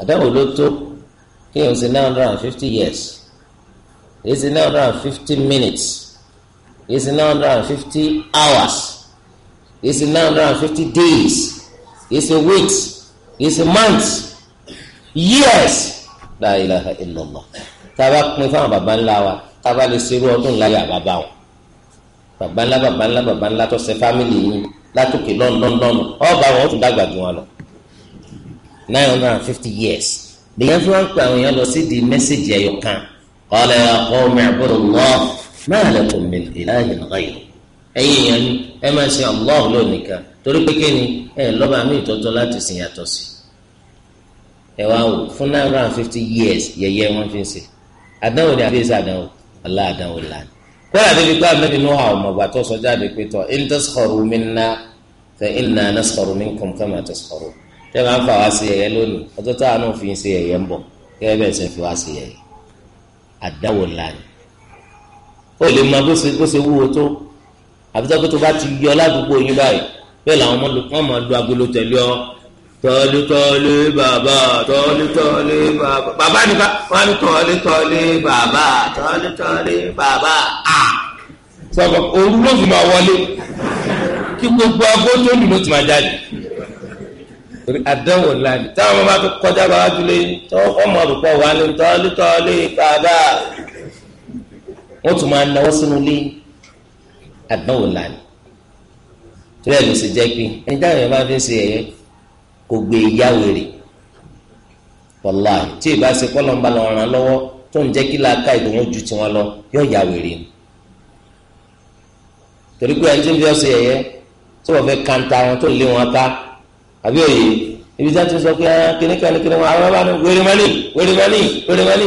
àdánwò ló tó kí n ṣe nine hundred and fifty years èyí ṣe nine hundred and fifty minutes èyí ṣe nine hundred and fifty hours. It's ṣe nine hundred and fifty days It's a weeks It's a months years la ilaha illallah tàbá pin fáwọn baba ńlá wa tàbá lè ṣerú ọdún láyé àbábá wọn baba ńlá baba ńlá baba ńlá tó ṣe fámìlì yìí látòkè lọ́nlọ́nlọ́nù ọba wọn ó tún dàgbà jù wọn lọ nine hundred and fifty years The fún wọn pé àwọn èèyàn lọ sí di mẹ́sẹ̀gì ẹ̀yọ̀ kan qala ya qawmi i'budu Allah ma lakum min ilahin ghayruh ẹ̀yin èèyàn ni ẹ máa ṣe Allah lónìkan torí pé kí ni ẹ lọ́ba mi ìtọ́jọ́ láti sìn yàtọ̀ sí ẹ wá wò fún nine hundred and fifty years yẹyẹ wọn fi ń ṣe àdánwò ni àbíyèsí àdánwò ọlá àdánwò lánàá kọ́lá débi pé àbẹ́bí nù hà ọmọ ọgbà tó sọ jáde pé tọ́ in taskhuru minna fa inna naskhuru minkum kama taskhurun tẹ́ máa ń fa wá sí yẹyẹ lónìí ọjọ́ táwọn náà fi ń ṣe wá sí yẹyẹ àdánwò lánàá tó àbísọ́kù tó bá ti yọ ládùúgbò yín báyìí bẹ́ẹ̀ làwọn ọmọ lu agolo tẹ̀lé ọ tọ́lé tọ́lé bàbá tọ́lé tọ́lé bàbá bàbá nípa wọn ni tọ́lé tọ́lé bàbá tọ́lé tọ́lé bàbá a. sọ̀rọ̀ òru ló fi máa wọlé kí gbogbo agbó tó lù ló ti máa jáde torí àdánwò ńlá ni táwọn ọmọ bá tó kọjá bá wájú lé ọmọ àdùpọ̀ wà ní tọ́lé tọ́lé bàbá wọ́n tún máa náwó sínú lé àdánwò ńlá ni torí ẹ̀ ló ṣe jẹ́ pé ẹni táwọn èèyàn máa fi ṣe ẹ̀yẹ kò gbé ìyáwó rè wọ́lá tí ì ṣe kọ́lọ́ lọ ràn lọ́wọ́ tó ń jẹ́ kí láàka ìdòwò ju tiwọn lọ yóò yà wèrè ni torí pé ẹni tó ń fi ọ̀sẹ̀ ẹ̀yẹ tí wọ́n fẹ́ kanta wọn tó lé wọn ká àbí òye ibi tí wọ́n ti sọ pé ah, kíníkà ní kíníkà àwọn bá ní wèrè mọ́lì wèrè mọ́lì wèrè mọ́lì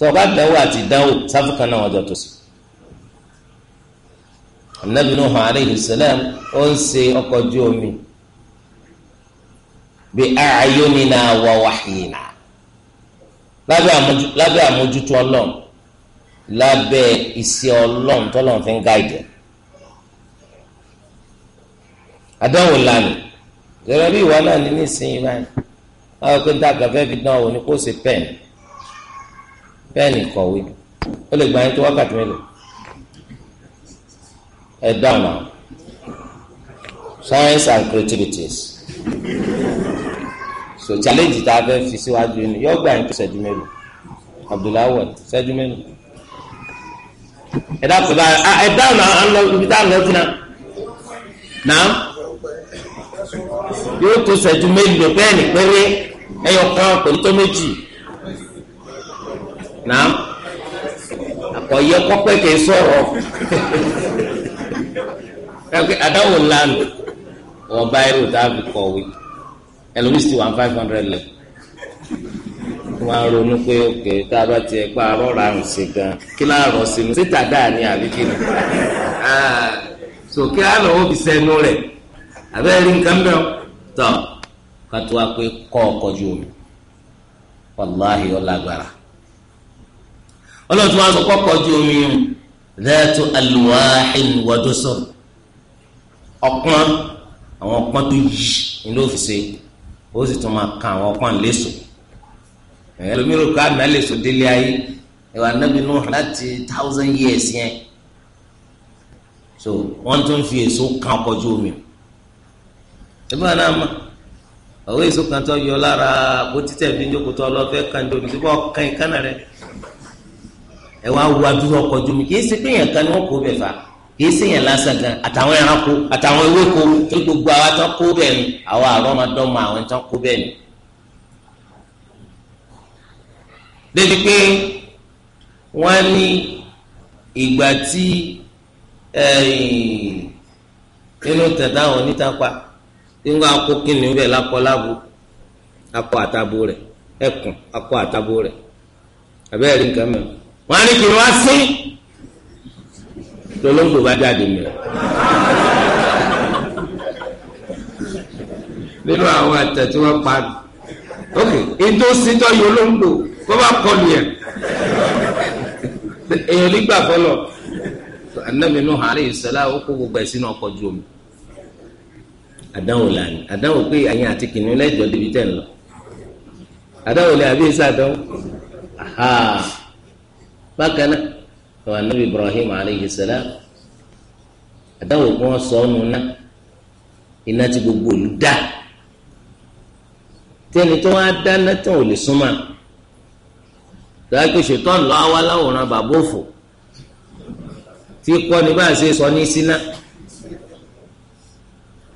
sọ̀kọ́ àdánwò àti ìdánwò sáfù náà wọ́n jọ tó alayhi ó ń ṣe ọkọ ojú omi bí a'yunina wa wahyina lábẹ́ àmójútó ọlọ́run lábẹ́ iṣẹ́ ọlọ́run tọ́lọ́run fi ń gáìdẹ̀. àdánwò lánàá gẹ́gẹ́ bí ìwà náà ní nísìnyí báyìí báwo pé dáàgà fi ni kó o pẹ́ẹ́nì kọ̀wé ó lè gba yín tó wákàtí mélòó ẹ dáhùn náà science and creativities so challenge tá a fẹ́ fi síwájú yìí ni yóò gba yín tó ṣẹ́jú mélòó Abdullahi wọ̀n ṣẹ́jú mélòó ẹ dákun bá ẹ dáhùn náà à ń lọ ibi tá à lọ sí náà yóò tó ṣẹ́jú mélòó pẹ́ẹ́nì péré ẹ̀yọ̀ kan pẹ̀lú tó méjì. naam, àkọyẹ kọpẹ kẹ sọ̀rọ̀ adáwò lánàá wọn báyìí tá a fi kọ̀wé five hundred lẹ wọn á ronú òkè tá a bá tiẹ̀ pa rọra àrùn sí gan kí láàrọ sínú síta dáa ní àbíkí ni ah, sòkè àlọ́ òbí sẹ́nu rẹ̀ abẹ́rẹ́ nǹkan bẹ́ẹ̀ tọ́ kátó pé ọlọ́run tí wọ́n á sọ kọ́kọ́ ju omi yìí dẹ́ẹ̀tù alùwàhìn wọ́dọ́sọ̀ ọ̀pọ̀n àwọn ọ̀pọ̀n tó yí ni ló fi ṣe ó sì tún máa kan àwọn ọ̀pọ̀n léṣo ẹlòmíràn ká àná léṣo délé ayé ẹ̀wà nábì nù láti thousand years yẹn so wọ́n tún fi èso kan ọkọ̀ ju omi ìbúra náà mọ̀ àwọn èso kan tó yọ lára bó títẹ̀ fi ń jókòó tó ọlọ́fẹ́ kan jòlù síbọ̀ kan ìkánná rẹ̀ ẹ wá wo adúrú ọkọ̀ ojú omi kìí ṣe pé èèyàn kan ni wọ́n kó bẹ̀ fà kìí ṣe èèyàn lásán gan àtàwọn ẹranko àtàwọn ewéko tó gbogbo àwa tán kó bẹ̀ ni àwa àrọ́mọdọ́mọ àwọn tán kó bẹ̀ ni. débi pé wọ́n ní ìgbà tí inú tẹ̀dá àwọn onítàpá tí akó kìnìún bẹ̀ lákọ akọ àtàbò rẹ̀ ẹkùn akọ àtàbò rẹ̀ abẹ́rẹ́ nǹkan mẹ́rin wọn á ní kí n wá sín lọlọ́gbò bá jáde mẹ́. nínú àwọn àtẹ tí wọ́n pa ok ètò sítọ́ yìí olóńgbò kó bá kọlu yẹn èèyàn nígbà fọlọ anabi nù hàrí ìsẹlá ó kó gbogbo ẹ sínú ọkọ̀ ju omi àdáwò lànà àdáwò pé àyìn àti kìnìún lẹ́jọ́ débi tẹ̀ ń lọ àdáwò lẹ́ àbí ẹ̀sẹ̀ àdáwò bákan náà wà nàbí Ibrahim aleyhi salam àdáwò kí wọn sọ ọnù náà iná tí gbogbo ìlú dá tẹni tó wá dá nátàn ò lè súnmọ́ dáàkì ṣètọ́n lọ wá láwòrán bàbá òfò tí kọ́ ni bá a ṣe sọ ní síná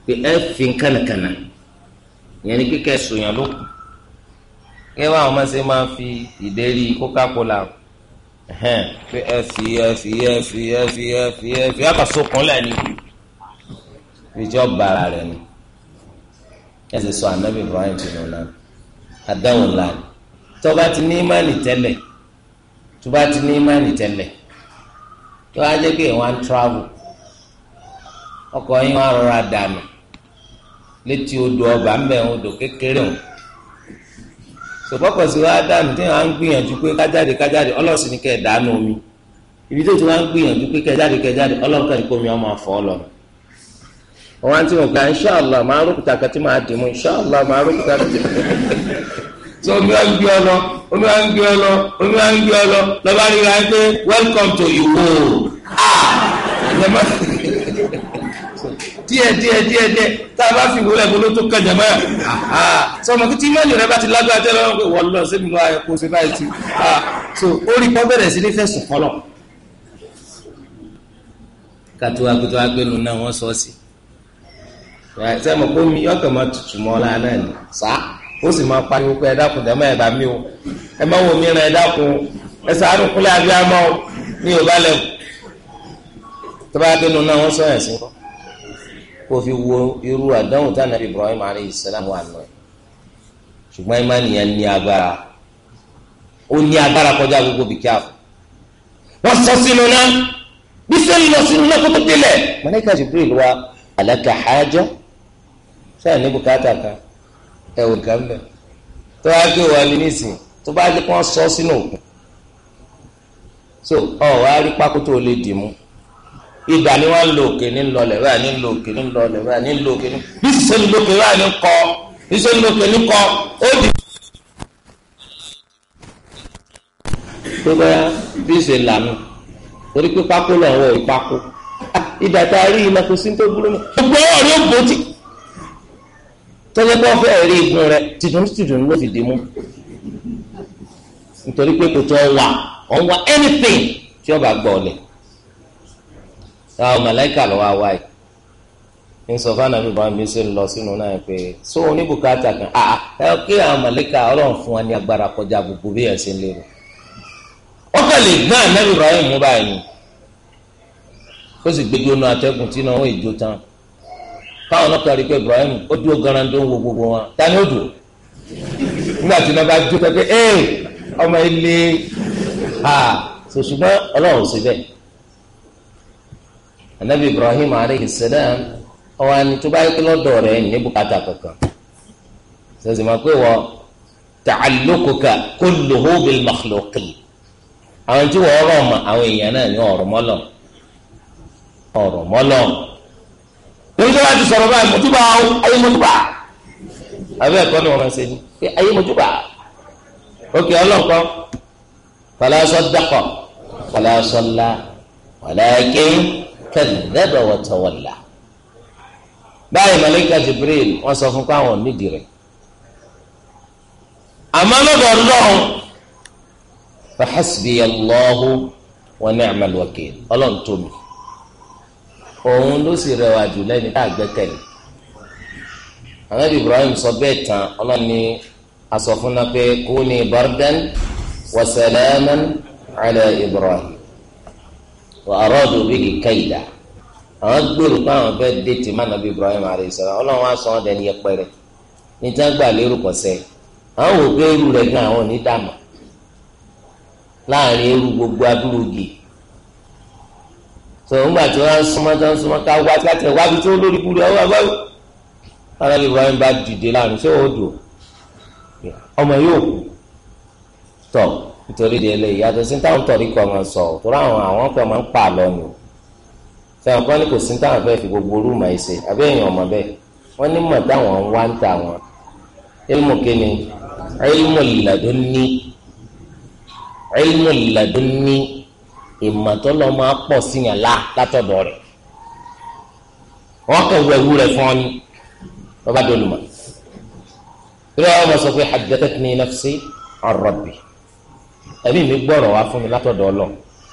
pé ẹ fi kànàkànà ìyẹn ni kíkẹ́ sòyàn lókun kí wọ́n àwọn ọmọ ṣe máa fi ìdérí Coca-Cola pé ẹ fi rẹ ni sọ anabi Ibrahim náà ti ní ti ní pé travel yín dànù létí odò ọba odò kékeré wọn. sọ̀pọ̀pọ̀ sí wa dànù tí wọ́n á gbìyànjú pé kájáde kájáde ọlọ́ọ̀sìn ni kẹ́ ẹ̀ dànù omi ibi tó ti wá ń gbìyànjú pé kẹjáde kẹjáde ọlọ́ọ̀kan ní kómi ọmọ àfọ́ lọ. wọ́n á ti wọ̀ pé ma máa rúkúta kan ma máa dì mú inṣàlá máa rúkúta kan sọ ń gbé ọ lọ omi ń gbé ọ lọ omi ń gbé ọ díẹ̀ díẹ̀ díẹ̀ díẹ̀ tá a bá fi wúlẹ̀ bolo tó kànjá mọ́ sọmọ kí tí mẹ́lì rẹ bá ti lágbára tẹ́ lọ́wọ́ pé wọ́n lọ sẹ́mi lọ́wọ́ ayọ̀ kó ṣe báyìí ti so ó rí kọ́ bẹ̀rẹ̀ sí ní fẹ̀sùn kọ́lọ̀ kàtó agbẹ́tọ́ agbẹ́nu náà wọ́n sọ sí sẹ́mi kó mi yọ̀kẹ́ máa tutù mọ́ ọ́lá náà ni sá ó sì máa pariwo pé ẹ dákun dẹ́mọ́ ẹ̀ bá mi o ẹ má wo mi rẹ ẹ dákun ẹ sàánú kúlẹ̀ abiyamọ́ mi ò bá lẹ̀ tọ́ba agbẹ́nu náà wọ́n sọ yẹn sí kó fi wo irú àdánwò tá nàbí Ibrahim alayhi salam wà nù ẹ ṣùgbọ́n ẹ má nìyẹn ní agbára ó ní agbára kọjá gbogbo bìkẹ́ àfọ wọ́n sọ sínú náà bí sẹ́yìn lọ sínú náà kó tó délẹ̀ mọ̀lẹ́kà Jibril wa alaka haja sẹ́yìn ní bùkátà kan ẹ wò kàn bẹ́ẹ̀ tó wá gbé wà nísìnyí tó bá dé kó sọ sínú òkun so ọ̀ wá rí pákó tó lè dì mú ìgbà ni wọ́n ń lo òkè ní lọlẹ̀ báyà ní lo òkè ní lọlẹ̀ báyà ní lo òkè ní bí sísè ń lo òkè báyà ní kọ bí sísè ń lo òkè ní kọ ó di. tó bá bí ṣe lànà torí pé pákó lọ wọ ìpákó ìdá tá a rí iná kò sí tó burú mi. gbogbo ọ̀rọ̀ yóò gbòtì tọ́jú pé wọ́n fẹ́ rí igun rẹ tìdùn tìdùn ló fi dì mú nítorí pé kò tó wà ọ̀ wà anything tí ọba gbọ́ ọ àwọn màláíkà lọ́wọ́ àwa yìí ń sọ fún anabi bá mi ṣe ń lọ sínú náà pé so oníbùkátà kan àà ah, ah, ẹ kí àwọn màláíkà ọlọ́run fún wa ní agbára kọjá gbogbo bí ẹ̀ ṣe ń lérò wọ́n kàn lè gbọ́n anabi Ibrahim mú báyìí ni ó sì gbé jóná atẹ́gùn tí náà wọ́n èjò tán káwọn náà kàrí pé Ibrahim ó dúró garandó ń wo gbogbo wọn ta ni ó dùn nígbà tí náà bá jó pé ee ọmọ ilé ha ah, ṣùgbọ́n ọlọ́run ò bẹ́ẹ̀ anabi ibrahim aleyhi salam ọwọ ẹni tó bá yẹ kí lọ́dọ̀ rẹ̀ ní bùkátà kankan sọsì máa pé wọ ta'alluquka kulluhu bil makhluqin àwọn tí wọ́n rọ̀ mọ́ àwọn èèyàn náà ní ọ̀rọ̀ mọ́lọ̀ ọ̀rọ̀ mọ́lọ̀ lórí tó bá ti sọ̀rọ̀ báyìí mọ̀túbà ayé mọ̀túbà àbẹ́ ẹ̀kọ́ ni wọ́n máa ṣe ni pé ayé mọ̀túbà òkè ọlọ́kọ́ fala saddaqa wala salla walakin kadhaba wa tawalla báyìí malayika jibril wọ́n sọ fún káwọn nídìí rẹ̀ àmọ́ lọ́dọ̀ ọlọ́run fa hasbiyallahu wa ni'mal wakil ọlọ́run tó mi òun ló sì rẹwà jù lẹ́ni tá a gbẹ́kẹ̀lé anabi ibrahim sọ bẹ́ẹ̀ tán ọlọ́run ní asọ̀fúnna pé kuni bardan wa ala ibrahim. wà á rọ́ọ̀dù bíi kẹ́yìdà àwọn gbèrú pé àwọn fẹ́ dé ti má nàbí Ibrahim àrèsọ̀rọ̀ ọlọ́run á sọ wọn dẹni yẹpẹrẹ níta gbà lérò pọ̀sẹ̀ àwọn wò pé eru rẹ̀ gan àwọn onídàmà láàrin eru gbogbo nítorí di eléyìí yàtọ̀ sí táwọn tọ̀rí kọ́ máa sọ ọ́ torí àwọn àwọn kan máa ń pa àlọ́ ni fẹ́ràn kan ní kò sí táwọn fẹ́ fi gbogbo rúùmù ẹ̀ ṣe àbẹ́ èèyàn ọmọ bẹ́ẹ̀ wọ́n ní mọ̀ táwọn ń wá ń tà wọ́n ilmu kini ilmu ladunni ilmu ladunni ìmọ̀tọ́lọ́ máa pọ̀ sí yàn lá látọ̀dọ̀ rẹ̀ wọ́n kàn wọ rẹ̀ fún ọ ní wọ́n bá ẹ̀mí mi gbọ́rọ̀ wá fún mi látọ̀dọ̀ ọlọ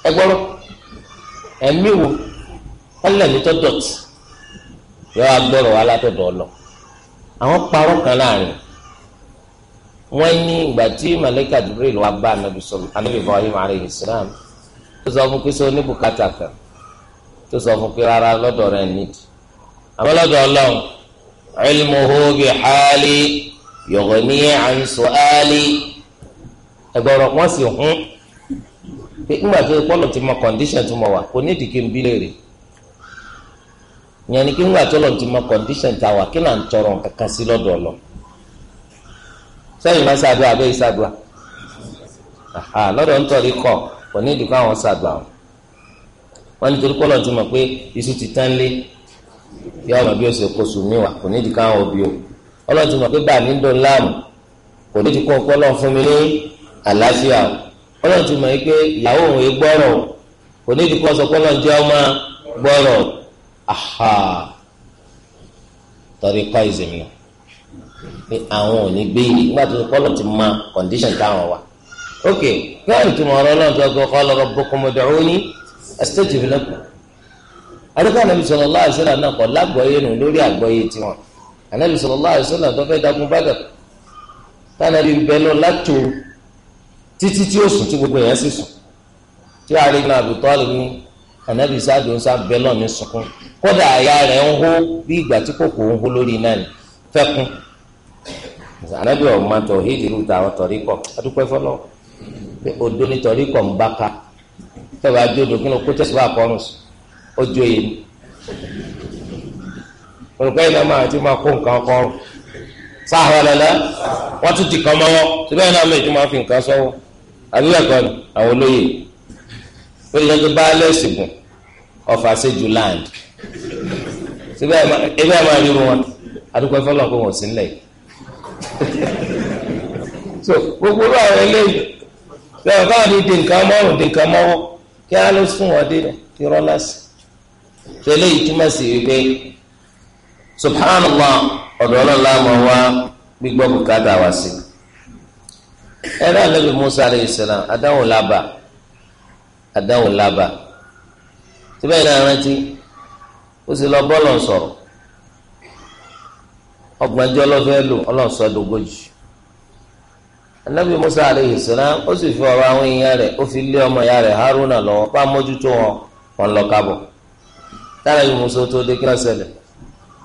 ẹ gbọ́rọ̀ ẹ̀mí wo ọlẹ́mi tó dọ̀tí yọ wá gbọ́rọ̀ wá látọ̀dọ̀ ọlọ àwọn parọ́ kan láàrin wọ́n ní ìgbà tí malika jibril wá bá anabi sọlọ anabi ibrahim aleyhi salam tó sọ fún pé sọ ní bùkátà kan tó sọ fún pé rárá lọ́dọ̀ rẹ̀ nídìí àmọ́ lọ́dọ̀ ọlọ́run ilmuhu bi hali yughni an su'ali ẹgbọrọ wọn sì hún pé ńgbà tó pọlọ ti mọ kọndíṣàn tó mọ wà kò ní ìdíkì ń léèrè yẹn ni kí ńgbà tó lọ ti mọ condition tá a wà kí là ń tọrọ kankan sí lọ́dọ̀ lọ sẹ́yìn máa ṣàdúrà abẹ ìṣàdúrà lọ́dọ̀ ń tọrí kọ kò ní ìdíkọ àwọn ṣàdúrà wọn wọn nítorí pọlọ ti mọ pé iṣu ti tán lé yọ ọmọ bí o ṣe kó sùn mí kò ní ìdíkọ àwọn òbí o ọlọ́run ti pé bàmí ń dùn láàmú kò ní ìdíkọ ọpọlọ fún mi ní àlàáfíà o ọlọ́run ti mọ̀ yìí pé ìyàwó òun yìí gbọ́rọ̀ kò ní ìdíkọ́ sọ pé ọlọ́run jẹ́ ọmọ gbọ́rọ̀ aha tọ́rí kọ́ ìzìmì nù pé àwọn ò ní gbé yìí nígbà tó sọ pé ọlọ́run ti mọ kọ̀ǹdíṣàn táwọn wà ok kíláàsì tó mọ ọ̀rọ̀ ọlọ́run tó gbọ́ kọ́ lọ́rọ̀ bọ́kọ́ ud'uni astajib lakum àdúgbò ànábì sallallahu alaihi náà kọ́ lágbọ́yé nù lórí àgbọ́yé tiwọn ànábì sallallahu alaihi tó fẹ́ dagun bàdàn tánàbí bẹ́ẹ̀ lọ látòrò títí tí ó sùn tí gbogbo yẹn sì sùn tí a ibn Abi Talib ní ànábì sáàdùn sá belọn ní sunkún kódà àyà rẹ̀ ń hó bí ìgbà tí ń lórí náà ní fẹ́kún ànábì ọ̀ma tó hídì rú tàwọn tọ̀rí kọ̀ adúpẹ́ fọlọ́ pé ní tọ̀rí kọ̀ ń bá ka olùkọ́ yìí náà wọ́n ti síbẹ̀ náà àbí ẹ̀kọ́ ni àwọn olóyè ó lè gbé baálé òsìgùn ọ̀fà séjú land síbẹ̀ ẹgbẹ́ ẹ̀ máa ríru wọn adúgbò ẹ̀fọ́ lọ́kọ́ wọn sí nílẹ̀ <laughs> so gbogbo olú àwọn eléyìí bẹ́ẹ̀ káwọn ní di nǹkan mọ́rùn di nǹkan mọ́wọ́ kí á ló sún wọn dé kí rọ́lá sí tẹ́lẹ̀ yìí túmọ̀ sí wípé subhanallah ọ̀dọ̀ ọlọ́lá máa wá gbígbọ́ bùkátà wá sí i. ẹ̀rọ anabi musa alayhi salam adáwò laba adáwò laba síbẹ̀ yìí náà rántí ó sì lọ bọ́ọ̀lù sọ̀rọ̀ ọgbọ̀njọ́ lọ́fẹ́ lò ọlọ́sọ̀ dogoji anabi musa alayhi salam ó sì fi ọ̀rọ̀ àwọn èèyàn rẹ̀ ó fi lé ọmọ ìyá rẹ̀ haruna lọ́wọ́ bá mójútó wọn wọn lọ kábọ̀ tára yìí musa tó dé kí wọ́n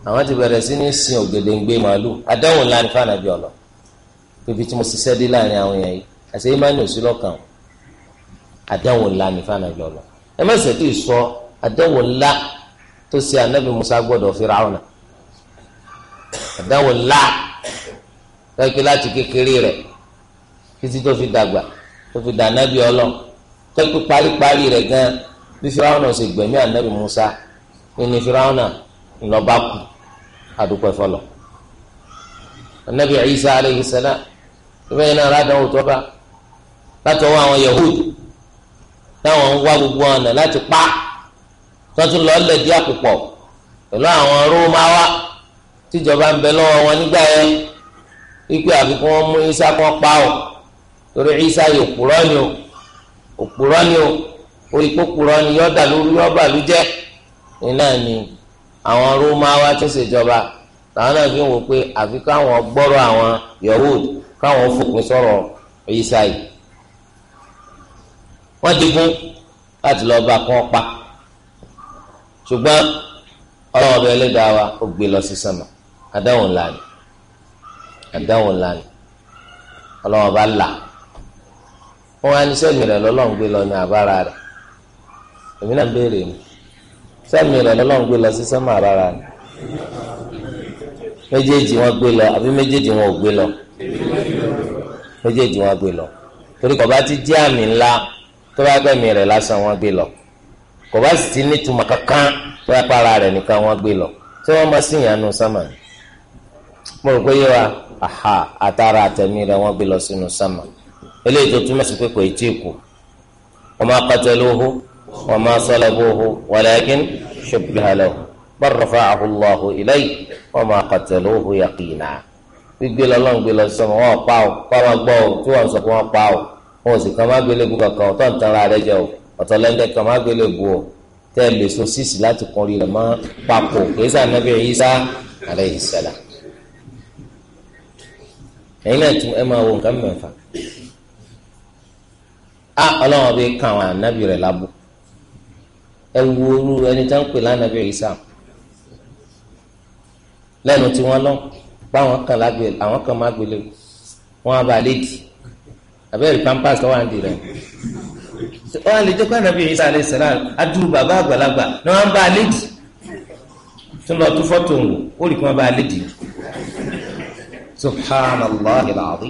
àwọn ti bẹ̀rẹ̀ sí ní sin ògèdèǹgbè màálù adáwò ńlá ní fànàbí pébi tí mo ṣiṣẹ́ dé láàrin àwọn èèyàn yìí àṣẹ imáni ò sí lọ́kàn àdánwò ńlá ní fún ànábì ọlọ ẹ má ṣe tí ì sọ àdánwò ńlá tó ṣe ànábì Musa gbọ́dọ̀ Fíráúnà àdánwò ńlá pẹ́ẹ́pẹ́ láti kékeré rẹ̀ títí tó fi dàgbà tó fi dà ànábì ọlọ pẹ́ẹ́pẹ́ paríparí rẹ̀ gan bí Fíráúnà ṣe gbẹ̀mí ànábì Musa ní Fíráúnà ńlọba kù adúpẹ́ fọlọ ànábì Isa aleyhi salam bẹ́ẹ̀ náà aládàáwò tó bá látọwọ́ àwọn Yahudi táwọn ń wá gbogbo ọ̀nà láti pa tọ́tún lọ́ọ́lẹ̀ díà púpọ̀ pẹ̀lú àwọn rómawa tíjọba ń bẹ lọ́wọ́ wọn nígbà yẹn wípé àfikún wọn mú Isa kan pa ọ torí Isa yìí òpùrọ́ ni o òpùrọ́ ni o orí pópùrọ́ ni yọ́dà lórí yọ́bà ló jẹ́ ní ni àwọn rómawa tó ṣèjọba làwọn náà fi ń wò pé àfikún àwọn gbọ́rọ̀ àwọn Yahudi. káwọn fòpin sọ̀rọ̀ ìyíṣà wọ́n digun láti lọ bá kán pa ṣùgbọ́n ọlọ́wọ́ bẹ ẹlẹ́dàá wa ó gbé lọ sí sánmà àdáhùn lànà àdáhùn lànà ọlọ́wọ́ bá là wọ́n á ní sẹ́mi rẹ̀ lọ́lọ́run gbé lọ ní àbára rẹ̀ èmi náà béèrè mi sẹ́mi rẹ̀ lọ́lọ́run gbé lọ sí sánmà àbára rẹ̀ méjèèjì wọ́n gbé lọ àbí méjèèjì wọ́n ò gbé lọ. méjèèjì wọn gbé lọ torí kò bá ti jẹ́ àmì ńlá tó bá gbẹ̀mí rẹ̀ lásán wọn gbé lọ kò bá sì ti nítumọ̀ kankan tó bá para rẹ̀ nìkan wọn gbé lọ tí wọ́n bá sì yànnú sámà ni mo rò pé yé wa aha àtàrà àtẹ̀mí rẹ̀ wọ́n gbé lọ sínú sámà eléyìí tó túmọ̀ sí pé kò tí ì kú wọ́n máa qataluhu wọ́n máa salabuhu walakin shubbiha lahu bal rafa'ahu Allahu ilayhi wọ́n máa qataluhu yaqina gbígbé lọ́lọ́run gbé lọ sọ́mọ wọn pa ọ kọ́ wọn gbọ́ ọ tí wọ́n sọ pé wọ́n pa ọ wọn ò sì kàn má gbélébù kankan ọ̀tọ̀ nǹkan ra rẹ jẹ o ọ̀tọ̀ lẹ́ńdẹ́ kan má gbélébù o tẹ́ ẹ lè so sísì láti kún orí rẹ̀ mọ́ papò kéésà nàbí Ìsá alayhi salam. ẹ̀yin náà tún ẹ máa wo nǹkan mẹ́fà á ọlọ́run bí kan àwọn ànábì rẹ̀ lábú ẹ wo orú ẹni tá ń pè lánàbí Ìsá lẹ́nu tí wọ́n lọ́n báwọn kan lágbè àwọn kan má gbélé wọn á bá léèdì àbẹ́rẹ́ pampas lọ́wọ́ àǹdí rẹ̀ wọ́n á lè jẹ́ pé ànábì Isa alayhi salam adúrú bàbá àgbàlagbà ni wọ́n á bá léèdì tó lọ tó fọ́tò ń ó rí kí wọ́n bá léèdì subhanallah ilaadi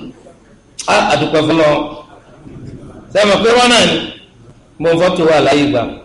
a àdúpẹ́ fọlọ́ sẹ́mi pé wọ́n náà ni mo fọ́tò wà láyé gbàgbọ́.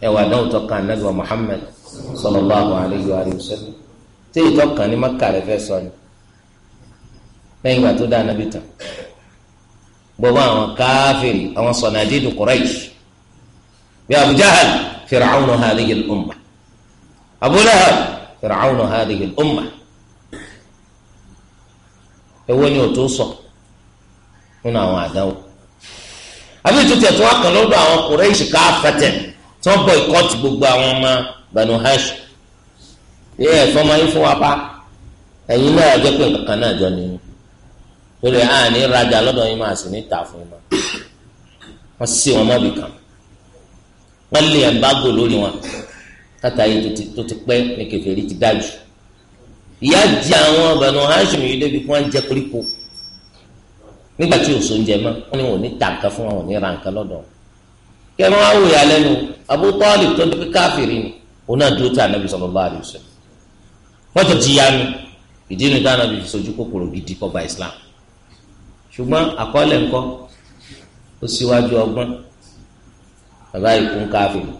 ẹwà náà tọ́ka anabi wa muhammed sallallahu alayhi wa sallam tí ìtọ́ka ní maka rẹ fẹ́ sọ ni lẹ́yìn ìgbà tó dá anabi tán gbogbo àwọn káfíìrì àwọn sọ̀nàdídù quraish bí abu jahal fir'aunu hadhihi al-umma abu lahab fir'aunu hadhihi al-umma ewo ni o tó sọ nínú àwọn àdáwò àbí ìtútù ẹ̀tún akànlọ́dọ̀ àwọn quraish káfẹ́tẹ̀ tí wọ́n boycott gbogbo àwọn ọmọ Banu Hashim ilé ẹ̀fọ́ máa ń fún wa pa ẹ̀yin náà jẹ́ pé kankan náà jọ nìyí lórí àní rajà lọ́dọ̀ yín máa sì ní ta fún yín wọ́n sì wọn mọ́bì kan wọ́n lé ẹ̀mbágò lórí wọn látàrí tó ti pẹ́ ní kèfèrí ti dájú ìyá jẹ àwọn Banu Hashim yìí débi kí wọ́n jẹ koríko nígbà tí òṣòǹjẹ mọ́ wọ́n ní wọn ò ní ta nǹkan fún wọn ò ní ra nǹkan lọ́dọ̀ wọn kí ẹ máa wò yà lẹ́nu Abu Talib tó dúpẹ́ káfìrí ni òun náà dúró tí anabi sallallahu alaihi wasallam wọ́n tó ti yá mi ìdí inú dáná bí sojú kòkòrò gidi kọ́ ba Islam ṣùgbọ́n àkọọ́lẹ̀ ńkọ́ ó síwájú ọgbọ́n bàbá ìkún káfìrí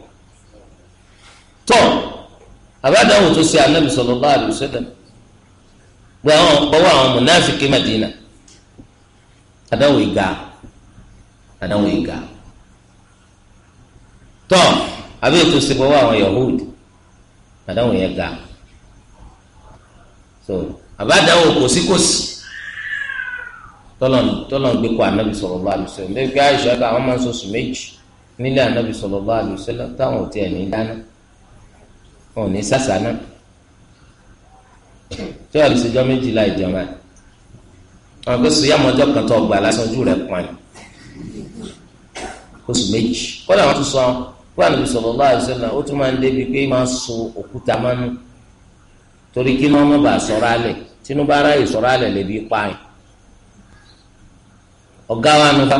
tọ́ àbádáwò tó ṣe anabi sallallahu alaihi wasallam gbé àwọn ọwọ́ àwọn mùnáfíkì Madina adáwò ìga adáwò ìga tọ́ àbí ètò ìsìnkú owó àwọn yahood àdáwò yẹn ga so àbádáwò kòsíkòsí tọ́lọ̀ ń gbé kó ànábì sallallahu alaihi wasallam lẹ́yìn pé àìsàn àti àwọn máa ń sọ̀sù méjì nílé ànábì sallallahu alaihi wasallam táwọn ò tiẹ̀ ní dáná wọn ò ní sàṣàná tí wàá lè ṣèjọ́ méjì láì jẹun rẹ̀ àwọn pé sùúyà mọ́jọ́ kan tó ọgbà lásán ojú rẹ̀ pọ̀n kóṣù méjì kódà wọ́n tún sọ fún àlùbí sallallahu alaihi wasallam ó tún máa ń débi pé máa so òkúta mánú torí kí wọ́n mọ̀ bá sọ̀rọ̀ alẹ̀ tinubu ara yìí sọ̀rọ̀ alẹ̀ lè bí pààyàn ọ̀gá wa nu fa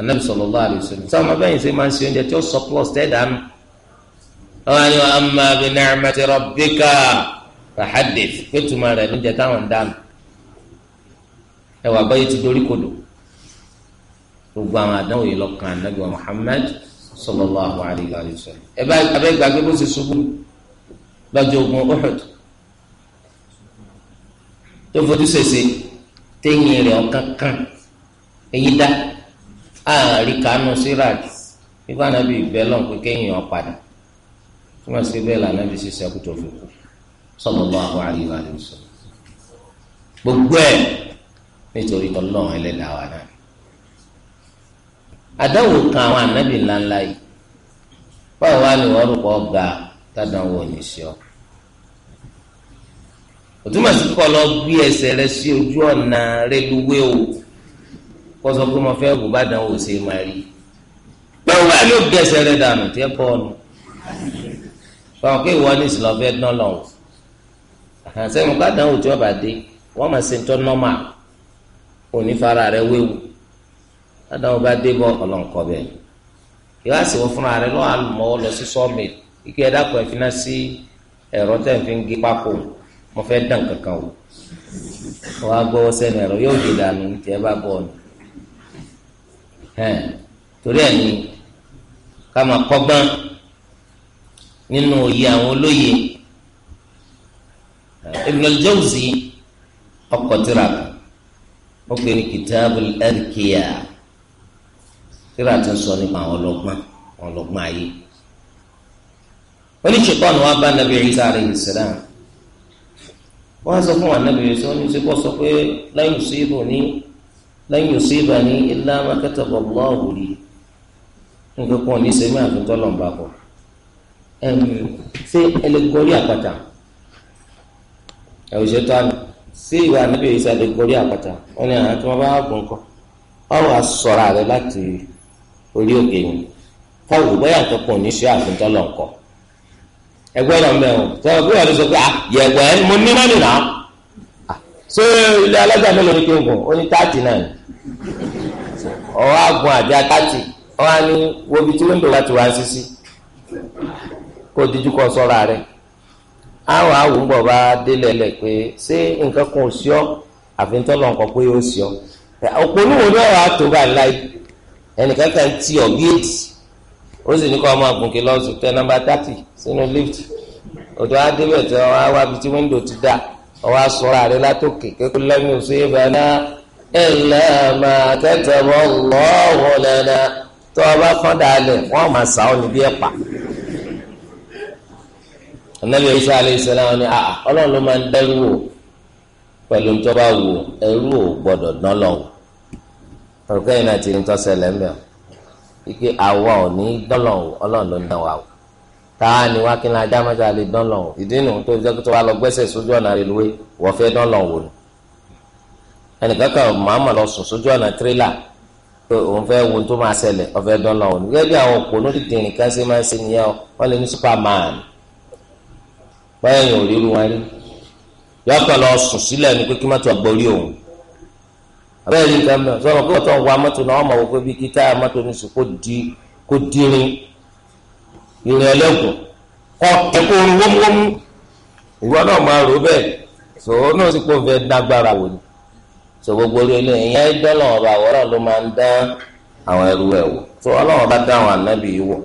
anabi sallallahu alaihi wasallam sọ ma bẹyìn sẹ máa ń ṣe oúnjẹ tí ó sọ plus tẹ dànù ọwọ àni wa amma bi ni'mati rabbika fahadith pétùmá rẹ níjẹ táwọn dànù ẹ wà báyìí ti dorí kodò gbogbo àwọn àdánwò yìí lọkàn anabi wa Muhammad sallallahu alayhi wa sallam ẹ bá abẹ́ gbàgbé bó ṣe ṣubú lọ́jọ́ ogun Uhud tó fojú ṣèṣe téyìn rẹ̀ ọ̀kan kan èyí dá àárín kanú síraj nígbà náà bí bẹ́ẹ̀ lọ́n pé kéyìn ọ̀ padà tí wọ́n ṣe bẹ́ẹ̀ lànà bí ṣiṣẹ́ kó tó fi kú sallallahu alayhi wa sallam gbogbo ẹ̀ nítorí tọ́lọ́run ẹlẹ́dàá wa náà àdáwò kan àwọn ànábì ńláńlá yìí báwo wá ní wọ́n rúkọ ọ̀gá tádàwò oníṣẹ́ ọ. òtúmọ̀ sí kọ́ lọ gbé ẹsẹ̀ rẹ sí ojú ọ̀nà rélùwé o kó sọ pé mo fẹ́ wò bá dánwò ṣe máa rí báwo wá ní òbí ẹsẹ̀ rẹ dànù tí ẹ bọ́ ọ̀nù báwọn kí ìwọ ní ìsìlọ dán lọ́wọ́ àhànsẹ́yìn ká dánwò tí wọ́n bá dé wọ́n máa ṣe ń tọ́ nọ́mà òní fara rẹ wéwu ládàáwọ̀ bá dé bọ́ ọlọ́nkọ bẹ́ẹ̀ ìwà sì wọ́n fúnra rẹ̀ lọ́wọ́ àlùmọ́wọ́ lọ sí sọ́ọ̀mì ike ẹ̀dá kan ẹ̀fín náà sí ẹ̀rọ tẹ̀ ń fi ń gé pákó mo fẹ́ dàn kankan o wọ́n á gbọ́ sẹ́nu ẹ̀rọ yóò dé dànù tẹ́ bá bọ̀ ọ́ torí ẹ̀ ní ká nínú òye àwọn olóye Ibn al-Jawzi tìrà ó pè ní Kitabul Adhkiya tíra ti ń sọ nípa àwọn ọlọ́gbọ́n àwọn ọlọ́gbọ́n ayé oníṣèpọ̀ ni wọ́n bá nàbí Ìsá alayhi salam wọ́n á sọ fún wọn nàbí Ìsá oníṣèpọ̀ sọ pé lan yusibuni lan yusibani illa ma kataba Allahu li nǹkan kan ní sẹ́mi àfitọ́ lọ́nba kọ́ ṣé ẹlẹgọrí àpáta ẹ̀wùjẹ́ tó àná ṣé ìwà nàbí Ìsá ẹlẹgọrí àpáta wọn ni àwọn tí wọ́n bá gbọ̀ǹkọ́ ọ̀rọ̀ àsọ̀rọ̀ àrẹ láti orí òkè ni kọ́wù bóyá tó ní sùúrù àfihàn lọ kọ́ ẹgbẹ́ náà mẹ́ o sọ bí wàá lọ sọ pé à ah, yẹ̀wẹ̀ mo ní mọ́nì náà ah, ṣé ilé alájà mélòó ni kí n gùn ó ní táàtì náà ni ọwọ́ àgùn àbí atáàtì ọwọ́ á ní wo ibi tí wíńdò wa ti wá sísí kó díjú kọ́ sọ́ra rẹ̀ àwọn àwòǹgbọ̀ bá délẹ̀ lẹ̀ pé ṣé nǹkan kan ò sí ọ àfihàn lọ kọ́ pé ó sí ọ òpó oníwòlú ọ̀rọ̀ àtòbá láì ẹnìkan ti ọ̀ géètì ó sì ní kó ọmọ àgùnkè lọ sùn tẹ nọmba tátì sínú lift òtò adébẹ̀ tẹ ọ bi tí wíńdò ti dà ọ wá àrẹ látòkè kékeré lẹ́yìn oṣù yìí bá ná ẹ̀ lẹ́ẹ̀mà tó o bá fọ́n dalẹ̀ máa sà pa. anabi a ló máa ń wò ntọ́ba wò ò dán lọ́wọ́. ọ̀rùkọ́ yìí náà ti ń tọ́sẹ̀lẹ̀ ńbẹ̀ ike àwa ò ní dọ́lọ̀wọ̀ ló ń dán wa o táwa ni wá kí n ajá mọ́tò àlè dánlọ́wọ̀ ìdí nu tó fi jẹ́ tó wá lọ gbẹ́sẹ̀ sójú ọ̀nà reluwé wọ́n fẹ́ dánlọ́wọ̀ ni ẹnìkan kan màmá lọ sùn sójú ọ̀nà tírélà pé òun fẹ́ wo tó máa ṣẹlẹ̀ ọ̀fẹ́ dánlọ́wọ̀ ni gẹ́gẹ́ bí àwọn òpònú dìdìrín kan ṣe máa ń ṣe nìyẹn o wọ́n lè ní superman báyẹn yóò ríru wọn rí yọkàn lọ sùn abẹ́rẹ́ yìí kan mẹ́rin sọ̀rọ̀ pé ọ̀tọ̀ wa mọ́tò náà ọmọ òkú bí kíkà mọ́tò ní sùn kó dírin ìrìn ẹlẹ́gùn kọ́ ẹ̀kọ́ oru wọ́múwọ́mú ìwọ náà máa rò bẹ́ẹ̀ sọ ọ́ náà sì pọ̀ fẹ́ dágbára wò ni sọ gbogbo orí ẹni ẹ̀yìn ẹ̀dọ́ náà ọba àwọ̀rọ̀ ló máa ń dán àwọn ẹrú ẹ̀ wò tó ọlọ́run bá dá àwọn ànábì yìí wò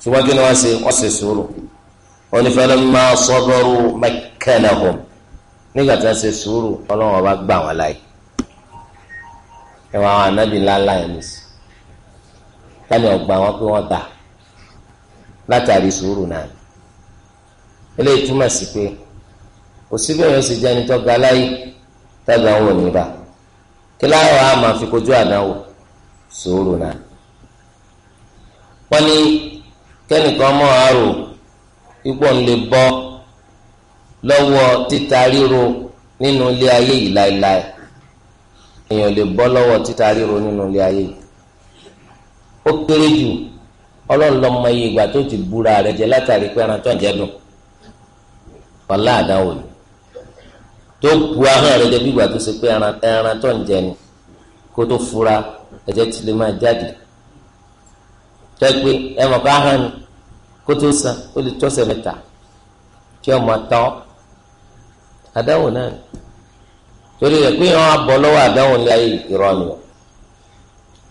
ṣùgbọ́n kí ni wọ́n ṣe wọ́n ṣe sùúrù wọ́n ní fẹ́lẹ́ máa sọ́bọ́rù mẹ́kẹ́nẹ̀hùn nígbà tí wọ́n ṣe sùúrù ọlọ́run ọba gbà wọ́n láyé ẹ̀wọ̀n àwọn ànábì ńláńlá yẹn ní sí tani ọgbà wọn pé wọ́n gbà látàrí sùúrù náà eléyìí túmọ̀ sí pé kò síbẹ̀ yóò sì jẹ́ ẹni tó ga láyé tàbí àwọn òní bá kí láyọ̀ á máa fi kojú àdánwò sùúrù náà wọ́n ní kẹ́nìkan mọ́ àárò ipò ń lè bọ́ lọ́wọ́ títa ríro nínú ilé ayé yìí láéláé. èèyàn lè bọ́ lọ́wọ́ títa ríro nínú ilé ayé yìí ó jù ọlọ́run lọ mọ iye ìgbà tó ti búra rẹ jẹ látàrí pé ẹran tó ń àdáwò ni tó bu ahọ́n fura ẹ̀jẹ̀ ti lè máa jáde tẹ́ pé mọ̀ hàn ni kó tó san ó lè tọ́sẹ̀ mẹ́ta ọmọ tán àdáwò náà torí rẹ̀ pé wọn abọ́ lọ́wọ́ àdánwò ní ayé irọ́ ni o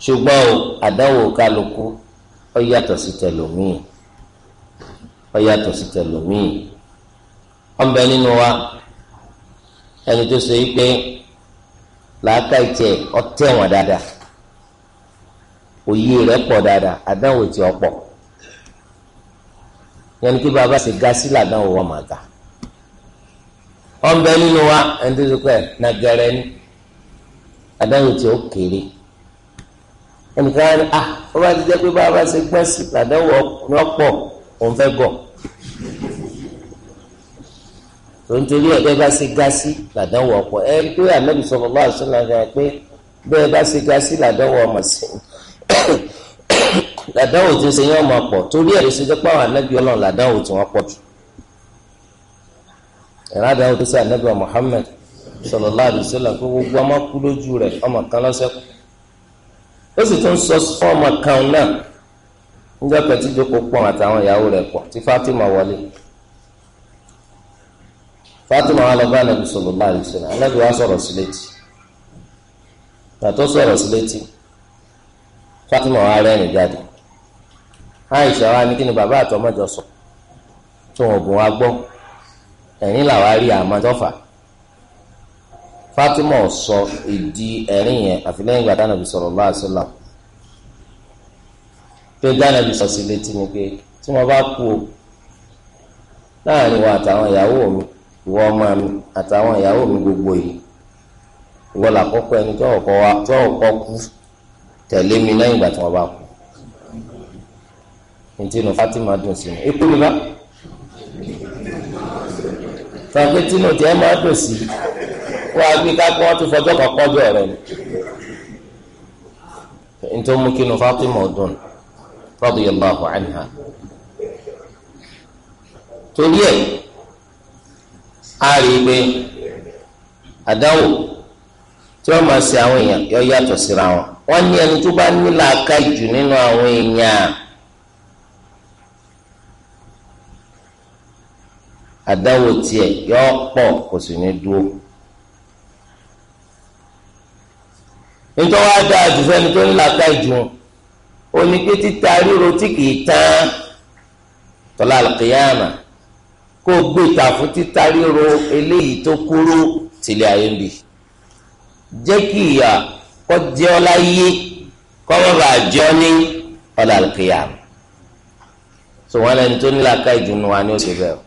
ṣùgbọ́n o àdánwò kálukú ó yàtọ̀ sí tẹlòmíì ó yàtọ̀ sí tẹlòmíì ọ̀nbẹ nínú wa ẹni tó ṣe pé làákà ìtẹ ọtẹ dáadáa òye rẹ̀ pọ̀ dáadáa àdánwò tí ó yẹn ni kí bàbá ṣe ga sí làdánwò wọn màgà wọn bẹ nínú wa ẹni tó ti kọ ẹ nàgẹrẹ ni àdáhùn tí ó kéré ẹnìkan á ní à ah, wọn bá ti jẹ pé báwa bá ṣe gbọ́n sí làdáhùn ọkùnrin ọ̀pọ̀ òun fẹ́ gọ̀ tó ń torí ẹ̀ bẹ́ẹ̀ bá ṣe ga sí làdáhùn ọ̀pọ̀ ẹ pé ànábì sọ̀rọ̀ bá àṣọ làdáhùn pé bẹ́ẹ̀ bá ṣe ga sí ọmọ sí làdáhùn tí ń ṣe yẹn ọmọ pọ̀ torí ẹ̀ ló ṣe jẹ́ pé àwọn ànábì ọlọ́run làdáhùn tí wọ́n pọ̀ jù. ìrádà ọdún a anabi muhammed sallallahu alaihi wasallam kó gbogbo ọmọ kú lójú rẹ̀ ọmọ kan lọ́sẹ̀kù ó sì tún sọ fún ọmọ kan náà níjọ́ kẹtí jókòó pọ̀ àtàwọn ìyàwó rẹ̀ pọ̀ tí fatima wọlé fatima wà lọ bá anabi anabi fatima wà jáde ní kí ni bàbá àtọmọjọ sọ wọn bùn ẹ̀rín làwa rí àmọ́tọ́fà Fatima sọ ìdí ẹ̀rín yẹn àfi lẹ́yìn ìgbà dánàbí sallallahu alaihi wasallam pé dánàbí sọ sí létí ni pé tí wọ́n bá kú o láàrin wa àtàwọn ìyàwó mi ìwọ gbogbo yìí ìwọ làkọ́kọ́ ẹni ọ̀kọ́ kú tẹ̀lé mi lẹ́yìn Fatima dùn sí mi fàgbé tínú tiẹ̀ máa dùn sí kó agbé kápẹ́ wọn tún fọjọ́ kan pọ́jọ́ rẹ̀ ni nítorí mú kínú Fatima ọdún radiyallahu torí ẹ̀ a rí i pé àdáwò tí wọ́n máa ṣe àwọn èèyàn yọ yàtọ̀ síra wọn wọ́n ní ẹni tó bá nínú àwọn èèyàn. àdáwò tiẹ̀ yọ pọ̀ kò sì ní dúró. nítorí wàá dáa jù fẹ́ni tó ń làkà jù ó ní pé títa ríro tí kìí tán tọ́lá àlùkìyàmà kó gbé ìta fún títa ríro eléyìí tó kúrú tìlẹ̀ ayé ń bì. jẹ́ kí ìyà kọ́ jẹ́ ọ láyé kọ́ mọ́ bàa jẹ́ ọ ní ọ̀là àlùkìyàmà. sọ wọn lẹni tó ń làkà jù nù wá ní òṣèlú ẹ̀.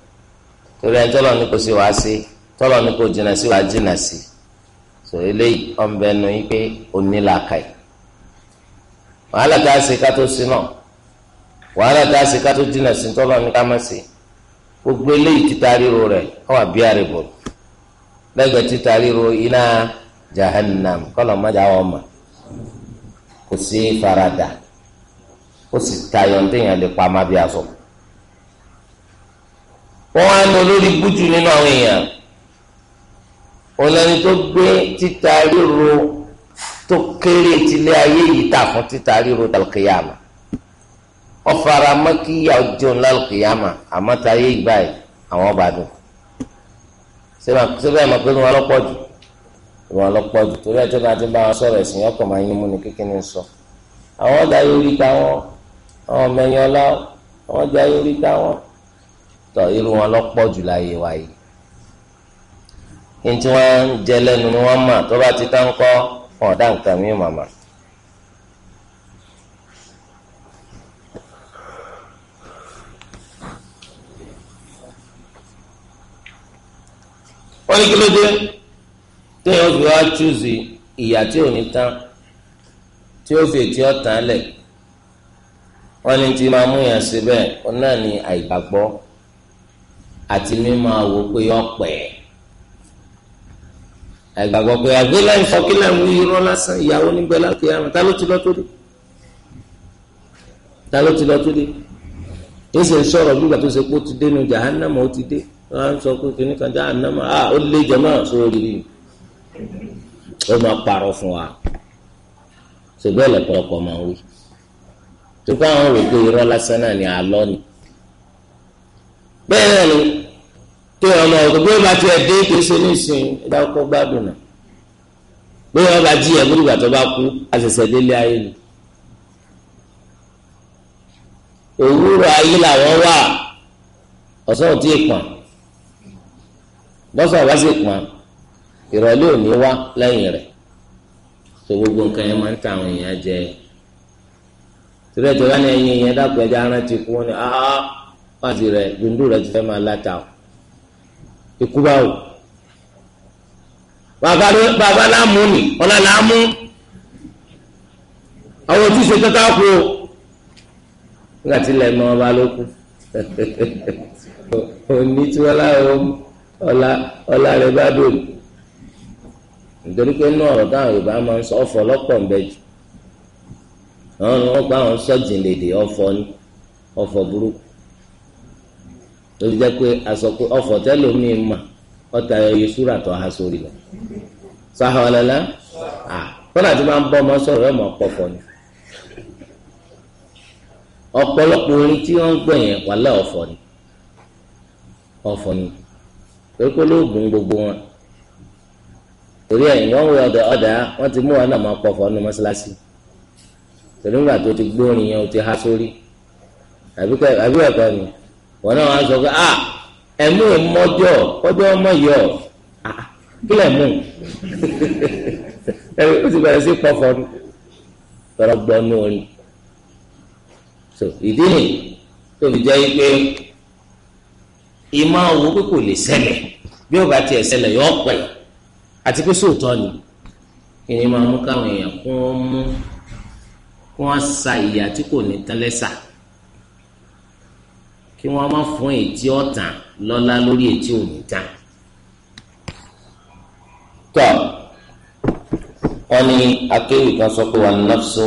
torí ẹni tọ́lọ̀ ní kò sí wàá sí tọ́lọ̀ ní kò jìnnà sí so eléyìí yìí pé a ká tó sí náà a ká tó jìnnà sí gbogbo eléyìí títa ríro rẹ̀ ọ wà bí lẹ́gbẹ̀ẹ́ títa ríro iná jahannam kọ́lọ̀ mọ́jà wọ́n mọ̀ wọ́n wá ní olórí bújú nínú àwọn èèyàn olórí tó gbé títa ríro tó kéré tilé ayé yìí tà fún títa ríro tàlùkìyàmà ọ̀fara mọ́kíyà ọjọ́ ńlálùkìyàmà àmọ́ tá ayé yìí báyìí àwọn ọba dùn síbẹ̀ mọ̀ pé wọn lọ́pọ̀ jù wọn lọ́pọ̀ jù torí ẹjọ́ bá ti bá wọn sọ̀rọ̀ ẹ̀sìn ọkọ̀ máa yín mú ni kékeré ń sọ àwọn ọ̀dà yóò rí ta ọmọ ẹ̀yìn ọlá àwọn ọ̀dà yóò rí ta tọ irú wọn lọ́pọ̀ jù láyé wa yìí ntí wọn ń jẹ lẹ́nu ni wọn mà tó bá ti tán kọ wọn dá nǹkan mi màmá. wọ́n ní kí ló dé téèyàn fi wá chúùsì ìyà tí ò ní tán tí ó fi ètí ọ̀tàn lẹ̀ wọ́n ní tí máa mú yàn síbẹ̀ ọ náà àìgbàgbọ́ àti mímọ àwò pé ọpẹ ẹgbàgbọ́ pé àgbélà ìfọkílà ń wí irọ́ lásán ìyàwó nígbẹ láti àrùn ta ló ti lọ tó dé ta ló ti lọ tó dé yìí ṣe ń sọ̀rọ̀ bí gbàtó ṣe kó ti dé nu jahannama ó ti dé wọn á ń sọ pé kìnnìkan jahannama á ah, ó lé jẹmọ sórí rí ó máa parọ́ fún wa ṣùgbọ́n ẹ̀lẹ́pọ̀lọpọ̀ máa ń wí tó bá wọn rò pé irọ́ lásán náà ni àlọ́ ni. bẹ́ẹ̀ náà ni tí ọmọ ọ̀gbìn bí wọ́n bá tiẹ̀ dé kí ṣe ẹ̀dá ọkọ̀ gbádùn náà bí wọ́n bá jí ẹ̀gbọ́n ìgbà tó bá kú délé ayé ni. òwúrọ̀ ayé làwọn wà ọ̀sán ò tí bọ́sọ̀ pọ̀n ìrọ̀lẹ́ òní wá lẹ́yìn rẹ̀ tó gbogbo nǹkan yẹn máa ń ta àwọn èèyàn jẹ wọ́n ti rẹ̀ dundun rẹ̀ ti fẹ́ máa láta o ikú bá wò bàbá láàmú ni ọ̀la láàmú àwọn tí ṣe tọ́ta kú o nígbà tí ilẹ̀ mọ́ ọba ló kú <laughs> òní tí wọ́n láwọn ọ̀la ọ̀la rẹ̀ bá dùn nítorí pé inú ọ̀rọ̀ táwọn Yorùbá máa ń sọ ọ̀fọ̀ lọ́pọ̀ ń jù àwọn ọ̀gbà wọn sọ jìnlẹ̀ ọ̀fọ̀ ni ọ̀fọ̀ burúkú. lórí jẹ́ pé aṣọ pé ọ̀fọ̀ tẹ́lẹ̀ mi tó ha sórí lọ. sáhà ọ̀lẹ́lá kọ́nà tí máa bọ́ ọmọ sọ̀rọ̀ ẹ̀ mọ̀ ọ̀pọ̀fọ̀ ni. ọ̀pọ̀lọpọ̀ orin tí wọ́n ń gbọ̀ yẹn wà lẹ́ ọ̀fọ̀ ni ọ̀fọ̀ ni lóògùn gbogbo wọn torí ẹ̀ wọ́n wọ ọ̀dà ọ̀dà wọ́n ti mú wọn náà nínú mọ́ṣáláṣí torí ńgbà tó ti ti há wọn náà wàá sọ pé a ah, ẹ̀mú mọ́jọ́ ọjọ́ ọmọ yọ ah, kílẹ̀ mú <laughs> ẹ ó sì bẹ̀rẹ̀ sí pọ̀fọ́ tọrọ gbọ́nú orin so ìdí ni tó fi jẹ́ pé ìmọ̀ owó pé kò lè ṣẹlẹ̀ bí ó bá tiẹ̀ ṣẹlẹ̀ yọ ọ̀pẹ̀ àti pé sóòótọ́ ni kí ni máa mú káwọn èèyàn kún ó mú kí wọ́n sa ìyà tí kò ní tán lẹ́sà kí wọ́n má fún ètí ọ̀tàn lọ́lá lórí ètí òní tán. tọ́ wọ́n ní akéwì kan sọ pé wà nafsu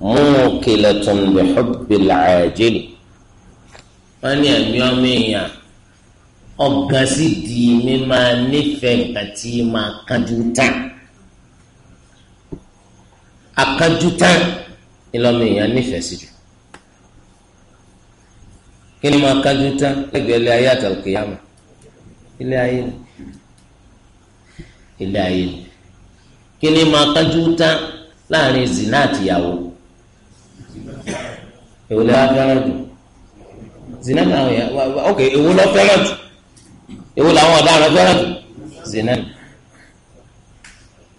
muqilatun bi hubbil ajil wọ́n ní ẹ̀mí ọmọ èèyàn ọ̀gá sì di mímá nífẹ̀ẹ́ nǹkan tí máa kánjú tán akánjú ni lọ́mọ èèyàn nífẹ̀ẹ́ sí jù kí ni máa kájú tán lẹ́gbẹ̀ẹ́ ilé ayé àtàlùkè yàmà ilé ayé ni ilé ayé ni kí ni máa kájú tán láàrin zina àtìyàwó èwo lè wá fẹ́ràn jù zina làwọn yà wá wá ok èwo lọ fẹ́ràn jù èwo làwọn ọ̀daràn fẹ́ràn jù zina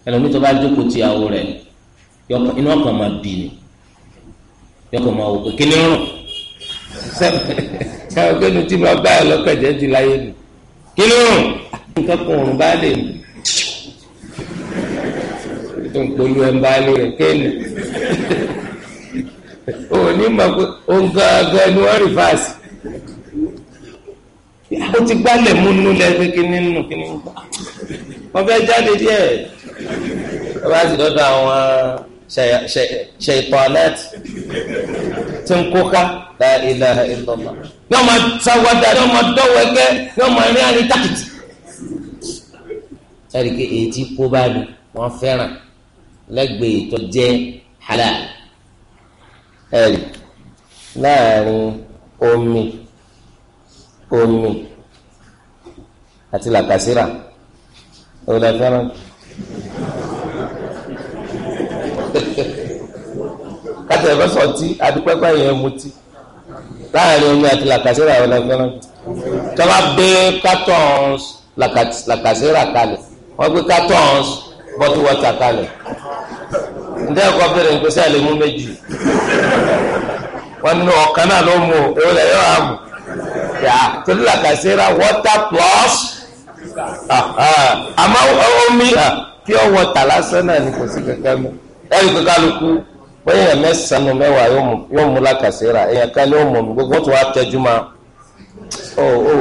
ẹlòmíì tó bá jókòó tìyàwó rẹ̀ inú ọkàn máa bì ní yọkàn máa wò pé kí ni rún sẹ́wọ̀n pé nu tí mo bá yà lọ́kàjẹ́ ti láyé nu kí ló rùn nǹkan kan òrùn bá lè nù tó ń polú ẹ̀ ń bá lè rẹ̀ kéènì òní mọ̀ pé òun gangan ni wọ́n rìfáàsì ó ti gbálẹ̀ múnú lẹ́gbẹ́ kíní nù kíní gbà wọ́n fẹ́ jáde díẹ̀ wọ́n bá ti dọ́dọ̀ àwọn ṣe ìtọ́ alẹ́tì tí ń kó ká la ilaha illallah ní ọmọ sáwádà ní ọmọ dọ́wẹ́gẹ́ ní ọmọ rí àrí tákìtì. sáré ké ètí kó bá lu wọn fẹ́ràn lẹ́gbẹ̀ẹ́ tó jẹ́ halal ẹ̀rì láàrin omi omi àti làkàsíra ó <laughs> kátà ẹ̀fọ́ sọ̀tí adúpẹ́pẹ́ yẹn mutí láàrin omi àti làkàṣẹ́rà ọ̀nà fẹ́ràn tọ́ba gbé cartons làkàṣẹ́rà kalẹ̀ wọ́n gbé cartons bottle water kalẹ̀ ǹjẹ́ ẹ̀kọ́ bẹ̀rẹ̀ nípa sẹ́yà lè mú méjì wọ́n nínú ọ̀kan náà ló mú o èwo lẹ̀ yọ̀ àmù yà torí làkàṣẹ́rà water plus àmọ́ omi pure water lásán náà ni kò sí kankan mọ́ ẹ̀rí kankan ló kú pé èèyàn mẹ́sàn-án mẹ́wàá yóò mú lákàṣẹ́rà èèyàn kan ní òmò mi gbogbo tó wá tẹ́jú ma ó ó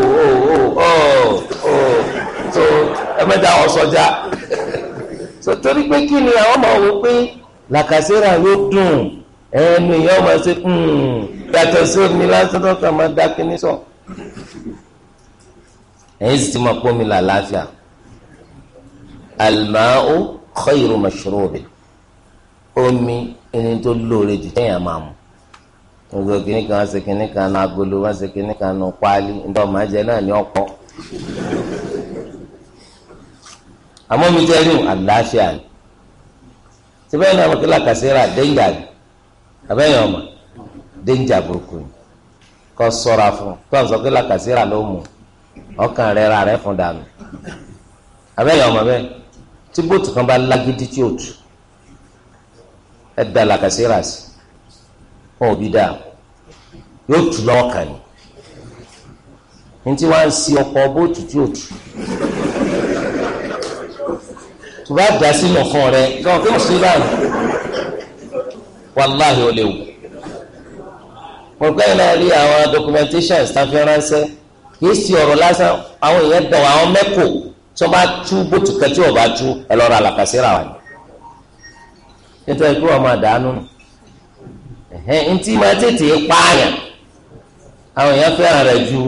ó ó ó tó ẹ mẹ́ta wọn sọjá tó torí pé kí ni àwọn máa wò pé làkàṣẹ́rà yóò dùn ẹnu ìyá ọmọ ṣe hmm, yàtọ̀ sí omi lásán tó máa dá kíní sọ ẹ̀yin sì ti máa pọ́ mi làlàáfíà al-ma'u khayru mashrubin omi. ẹni tó lóore jù téèyàn máa mu gbogbo kìnnì kan ṣe kìnnì kan nu agolo wọ́n ṣe kìnnì kan nu páálí nítorí ọmọ náà ní ọ̀pọ̀ àmọ́ mi jẹ́ rí àlàáfíà ni síbẹ̀ náà wọ́n kílà kàṣírà dẹ́njà ni àbẹ́yẹn ọmọ dẹ́njà burúkú ni kọ́ sọ́ra fún tó sọ kàṣírà ló mú ọkàn ra fún dànù ọmọ bẹ́ẹ̀ tí bóòtù kan bá lágídí tí ẹ da làkàṣírà sí wọn ò bí dáa yóò tù lọ́wọ́ kàn ní ní tí wọ́n á ń si ọkọ̀ bó tutù òtù tó bá dà sí lọ́fọ́ rẹ lọ́wọ́ kí wọ́n sí báyìí wàláhì ó léwu mo gbé náà rí àwọn documentations tá a fi ránṣẹ́ kìí si ọ̀rọ̀ lásán àwọn èèyàn dàn àwọn mẹ́kò tó bá tú bó tukẹ́ tí ò bá tú ẹ lọ́ọ́ ra làkàṣírà ètò ìkú ọmọ àdánù ntí máa tètè pààyàn àwọn èèyàn fẹ́ràn rẹ̀ ju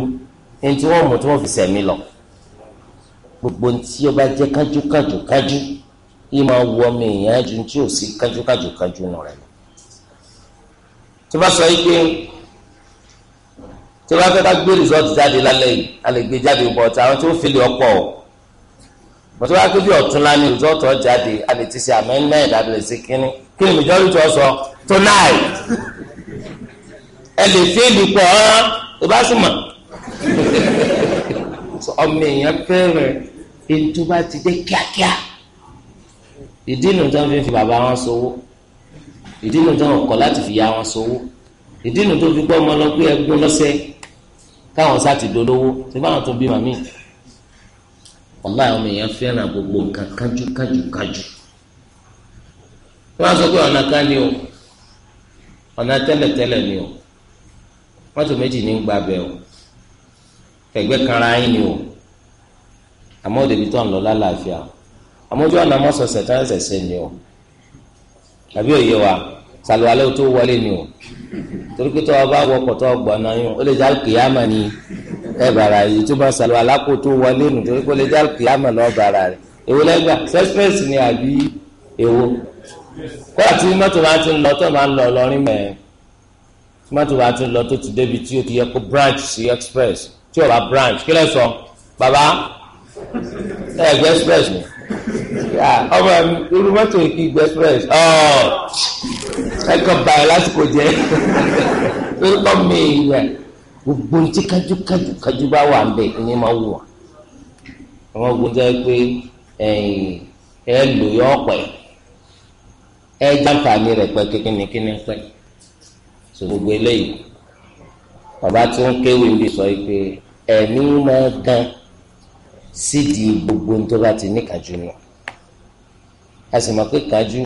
ntí wọ́n mú tí wọ́n fi sẹ̀mí lọ gbogbo ntí ó bá jẹ́ kájúkájú kájú yìí máa wọ ọmọ èèyàn ju ntí ò sí kájúkájú kájú nù rẹ̀ tí wọ́n sọ yìí tí wọ́n fẹ́ ká gbé rìsọ́ọ̀tì jáde lálẹ́ yìí a gbé jáde bọ̀ tí àwọn tí ó fi lè ọ̀pọ̀ ọ̀ mọ̀tò wá kébí ọ̀túnla ní ìjọ́tọ̀ jáde àdètí sí amendment àdètí kínní kí ni majority sọ tonight ẹ lè fi ìlú pọ̀ ọ́ tó bá sì mọ̀ ọmọ èèyàn fẹ́rẹ̀ ètò bá ti dé kíákíá ìdí nu tó ń fi fi bàbá wọn sowó ìdí nu tó ń kọ̀ láti fi ya wọn sowó ìdí nu tó fi gbọ́ ọmọ lọ pé ẹgbẹ́ lọ́sẹ̀ káwọn sá ti dolówó tí báwọn tó bí màmí ọlá àwọn èèyàn fẹ́ràn gbogbo nǹkan kájú kájú kájú wọ́n á sọ pé ọ̀nà kan ni o ọ̀nà tẹ́lẹ̀tẹ́lẹ̀ ni o mọ́tò méjì ní gba bẹ́ẹ̀ o ẹgbẹ́ kanra yín ni o àmọ́ òdèbí tó ń lọ lálàáfíà àmọ́ ojú ọ̀nà mọ́sọ̀ọ̀sẹ̀ tó ń sẹ̀sẹ̀ ni o àbí òye wa sàlùwalẹ̀ tó wọlé ni o torí pé tọ́wọ́ bá wọkọ̀ tọ́wọ́ gbọ̀nà yín ó lè jẹ́ àlùkìyàmà ni ẹ bàrà yìí tó bá sàlùwalẹ̀ kó tó wọlé nu torí pé ó lè jẹ́ àlùkìyàmà lọ́ọ́ bàrà rẹ̀ èwo lẹ́gbà sẹ́sírẹ́sì ni àbí èwo kó àti mọ́tò bá ti ń lọ tó máa ń lọ lọ́rin mẹ́ẹ̀ mọ́tò bá ti ń lọ tó ti débi tí ó ti yẹ kó branch sí express tí ò bá branch kí lẹ́ sọ bàbá ẹ̀gbẹ́ express ni. Ah, ọmọ mi irú mọ́tò ìkí gbẹ express oh, ẹ kàn báyọ̀ lásìkò jẹ́ lórí kọ́ mi ìyá gbogbo ntí kájúkájú kájú bá wà nbẹ ìyẹn máa wù wá àwọn ogun jẹ́ pé ẹ lò yọ ọ̀pẹ ẹ jàǹfààní rẹ̀ pẹ́ kíkíni kíni pẹ́ sọ gbogbo eléyìí bàbá tí ń kéwì ń bí sọ pé ẹ̀mí máa gan sídìí gbogbo tó bá ti ní kájú nù a sì mọ̀ pé kájú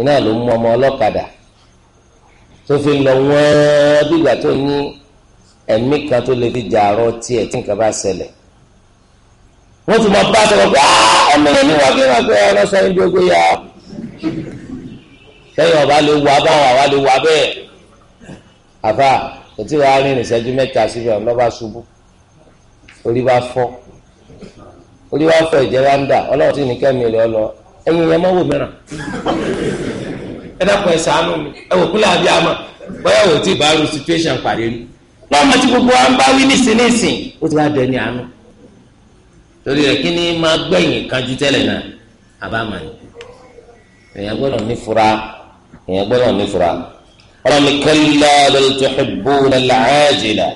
iná ló mú ọmọ ọlọ́kadà tó fi lọ wọ́n bígbà tó ní ẹ̀mí kan tó lè fi jà àárọ̀ tiẹ̀ tí nǹkan bá ṣẹlẹ̀ wọ́n ti mọ bá sọ̀rọ̀ pé ọmọ yẹn ní wọ́n fi hàn pé ogun yá sẹ́yìn ọba lè wà báwọn àwa lè wà bẹ́ẹ̀ àfà kò wàá rìn ìrìnsẹ́jú mẹ́ta síbẹ̀ ọ̀nà ṣubú orí bá fọ́ orí bá fọ́ ìjẹ́ bá ń dà ọlọ́run sì ní kẹ́mi rẹ̀ ọ lọ ẹ̀yin yẹn mọ́wò mìíràn ẹ dákun ẹ ṣàánú mi ẹ wò kúlẹ̀ àbí àmọ́ bóyá wò tí ìbáru situation pàdé ni lọ́mọ tí gbogbo wa ń bá wí nísinsìnyí ó ti wá dẹni àánú torí rẹ̀ kí ni máa gbẹ̀yìn kan ju tẹ́lẹ̀ náà àbámanì èèyàn gbọ́dọ̀ ní fura èèyàn gbọ́dọ̀ ní fura ọlọ́run ní kalla bal tuhibbuna al-ajila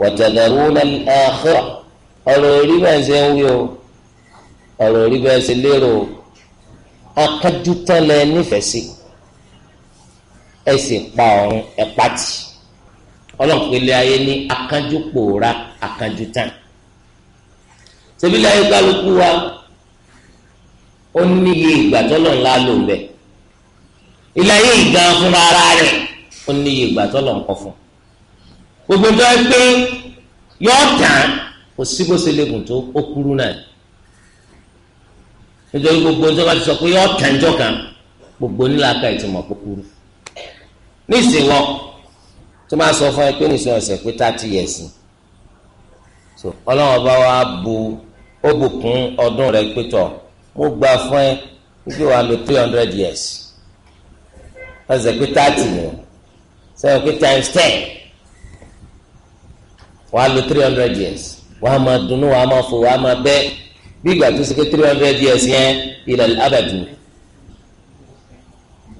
wa tadharuna al-akhirah ọ̀rọ̀ orí bẹ́ẹ̀ ṣe ń wí o ọ̀rọ̀ orí bẹ́ẹ̀ ṣe lérò o akájú tán lẹ nífẹ̀ẹ́ sí ẹ sì pa ọ̀run ẹ pàtì ọlọ́pẹ̀lẹ̀ ayé ní akájú pòórá akájú tán ṣebílẹ̀ ayé kálukú wa ó níye ìgbà tọ́lọ̀ ńlá lò ń bẹ̀ ilé ìgbà fúnra ara rẹ̀ ó níye ìgbà tọ́lọ̀ ńkọ fún gbogbo tó ẹ pé yọ ọ́ tàn kò sí bó ṣe léegun tó ó kúrú náà nítorí gbogbo nítorí wọn ti sọ pé yọ tẹ̀njọ́ kan gbogbo nílàáka ìtumọ̀ kó kúrú nísìnyọ tó máa sọ fún ẹ pé nísìnyọ ọ̀sẹ̀ pé thirty years so ọlọ́wọ́n bá wa bu ó bùkún ọdún rẹ pé tọ̀ mo gbà fún ẹ wípé wàá lo three hundred years ọ̀sẹ̀ pé thirty ni o sẹ́wọ̀n pé times ten wàá lo three hundred years wà á máa dunnú wà á máa fò wà á máa bẹ́ bí ìgbà tó sèké three hundred years yẹn ilẹ̀ abàdùn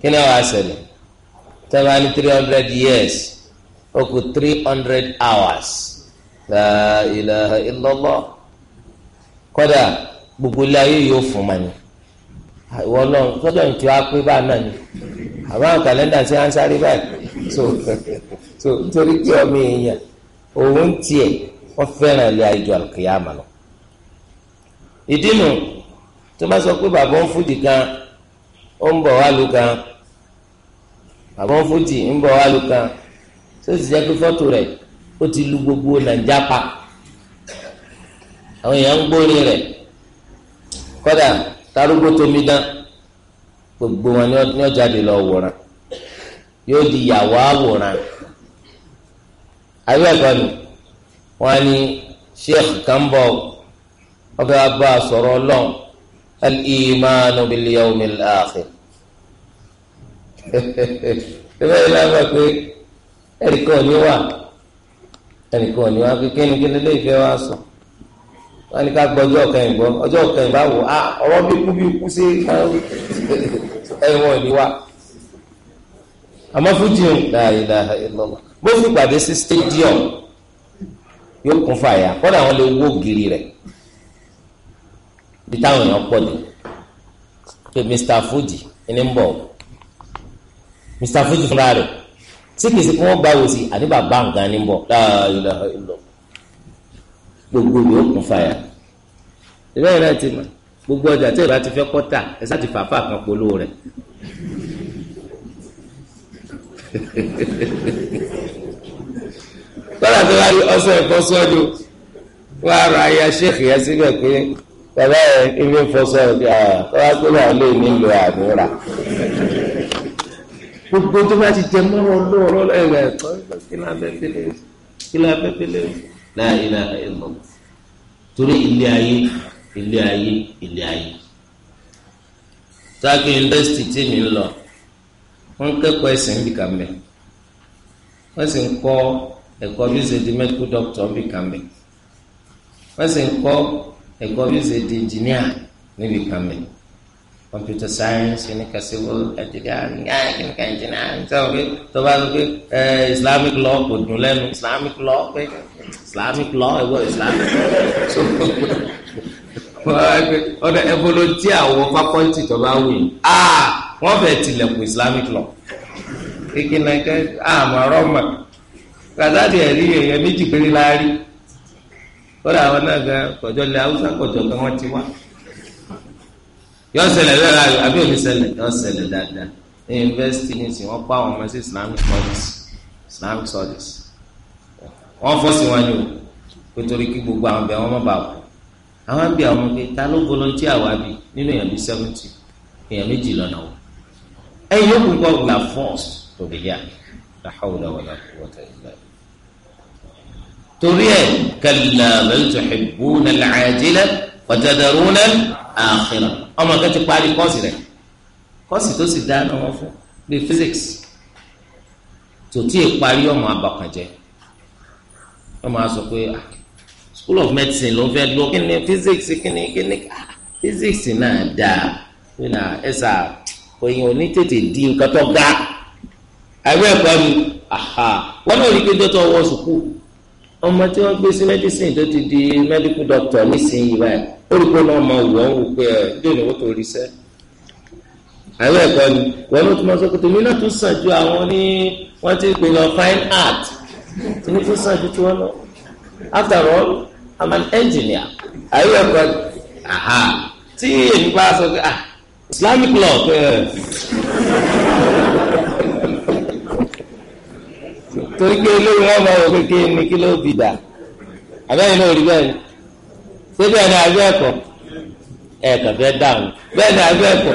kí ni wàá ṣẹlẹ̀ tẹ́lẹ̀ wá ní three hundred years ó kù three hundred hours la ilaha illallah kódà gbogbo ilé ayé yóò fún ma ni ìwọ náà sọ́dọ̀ ní tí wàá pé báà náà ni àbáwọn kàlẹ́ndà sí ansáré báyìí so <laughs> so nítorí kí ọmọ èèyàn òun tiẹ̀. wọ́n fẹ́ràn ilé ayé ju àlùkìyàmà lọ. ìdí nu tó bá sọ pé bàbá ń fújì kan ó ń wá lu kan bàbá ń fújì ń wá lu kan tó sì jẹ́ pé fọ́tò rẹ̀ ó ti lu gbogbo nàìjà pa àwọn èèyàn ń rẹ̀ gbogbo wọn ni di àwòrán ayé Wa ni sheikh kambo ọbẹ̀ abá sọ̀rọ̀ ọlọ́run al-imanu bil yawmil akhir ẹgbẹ́ <laughs> yìí lábàá pé ẹnìkan ò ní wà ẹnìkan ò ní wà pé kíni kíni lè fẹ́ wá sọ wọ́n ní ká gbọ́ ọjọ́ kẹyìn kẹyìn bá wò á ah, bí kú bí kú sí <laughs> ò ní wà fújì ń bó fi pàdé yóò kún fàyà kọ́dà wọn lè wó ògiri rẹ̀ bí táwọn èèyàn pọ̀ dé pé Mr Fuji ẹni ń bọ̀ Mr Fuji fúnra rẹ̀ tí kìí ṣe kí wọ́n gba òsì àti bàbá nǹkan ní bọ̀ láàlọ́ gbogbo yóò kún fàyà ìbẹ́rẹ̀ náà ti mọ̀ gbogbo ọjà tí ìbá ti fẹ́ kọ́tà ẹ̀ sá ti fàáfà kan polówó rẹ̀. <laughs> tọ́lá tó bá rí ọsọ ẹ̀kọ́ sọ́jọ́ wọ́n á ra aya ṣéèkì yẹn síbẹ̀ pé bàbá ẹ̀ ibi fọṣọ tọ́lá tó náà lè nílò àdúrà gbogbo tó bá ti jẹ mọ́rọ̀ lọ́rọ̀ lẹ́yìn ẹ̀kọ́ kí ló abẹ́ fẹ́lẹ́ kí ló abẹ́ fẹ́lẹ́ náà ilé ayé mọ̀ torí ilé ayé ilé ayé ilé ayé táàkì yunifásitì tí mi ń lọ wọ́n kẹ́kọ̀ọ́ ẹ̀sìn bìkà mẹ́ wọ́n sì ń kọ́ ẹ̀kọ́ bí ó ṣe di medical doctor níbi kan bẹ̀ wọ́n sì ń kọ́ ẹ̀kọ́ bí ṣe di engineer níbi kan bẹ̀ computer science kìnnìkan civil engineering kìnnìkan ah, engineering sọ pé tó bá sọ eh, islamic law kò dùn lẹ́nu islamic law pé islamic law ẹ̀wọ̀ islamic ọ̀dọ̀ ẹ̀fọ́ ló tí àwọn faculty tó bá wù yìí ah, wọ́n fẹ́ tilẹ̀kùn islamic law kékeré náà kẹ́ ah, àmọ́ ọ̀rọ̀ razadi ẹ̀rí èèyàn méjì péré la kódà àwọn náà gan kọjọ lẹ haúsá kọjọ gan wọn ti wá yọ ṣẹlẹ̀ lọ́la àbí òní ṣẹlẹ̀ yọ ṣẹlẹ̀ dáadáa yunifásitì ní sìn pa àwọn ọmọ sí islamic studies islamic studies sí o kí gbogbo àwọn má bàa kú àwọn bí àwọn ọmọdé ta ló bí nínú èèyàn èèyàn méjì to be torí ẹ̀ kalla bal tuhibbuna al-ajila wa tadharuna al-akhirah ọmọ kan ti parí kọ́ọ̀sì rẹ̀ kọ́ọ̀sì tó sì dáná wọn fún bíi physics tòtí ìparí ọmọ abakànjẹ ọmọ asọ pé ah, school of medicine ló ń fẹ́ lọ kí ni physics kí ni kí ni ah, physics náà dáa kí ni ẹ sà òyìn òní tètè di nǹkan tó ga àìwé ẹ̀kọ́ mi wọ́n náà rí i pé dọ́tọ̀ wọ sùkúù ọmọ tí wọ́n gbé sí medicine tó ti di medical doctor nísìnyí báyìí ó rí pé wọ́n máa wọ̀ ọ́n wò pé ẹ̀ dé ìnáwó tó rí sẹ́ àwọn ẹ̀kọ́ ni wọ́n ló tún máa sọ pé tèmi náà tún sàn ju àwọn ní wọ́n ti pè lọ fine art tèmi tún sàn ju tiwọn lọ after all i'm an engineer àwọn ẹ̀kọ́ ni tí èmi bá sọ pé ah islamic law pé eh. ẹ̀. torí pé eléyìí wọn máa wọ kékeré ní kí ló fi dà abẹ́yìn náà rí bẹ́ẹ̀ ni síbẹ̀ abẹ́ ẹ̀kọ́ ẹ̀ẹ̀kan fẹ́ dáhùn bẹ́ẹ̀ ni abẹ́ ẹ̀kọ́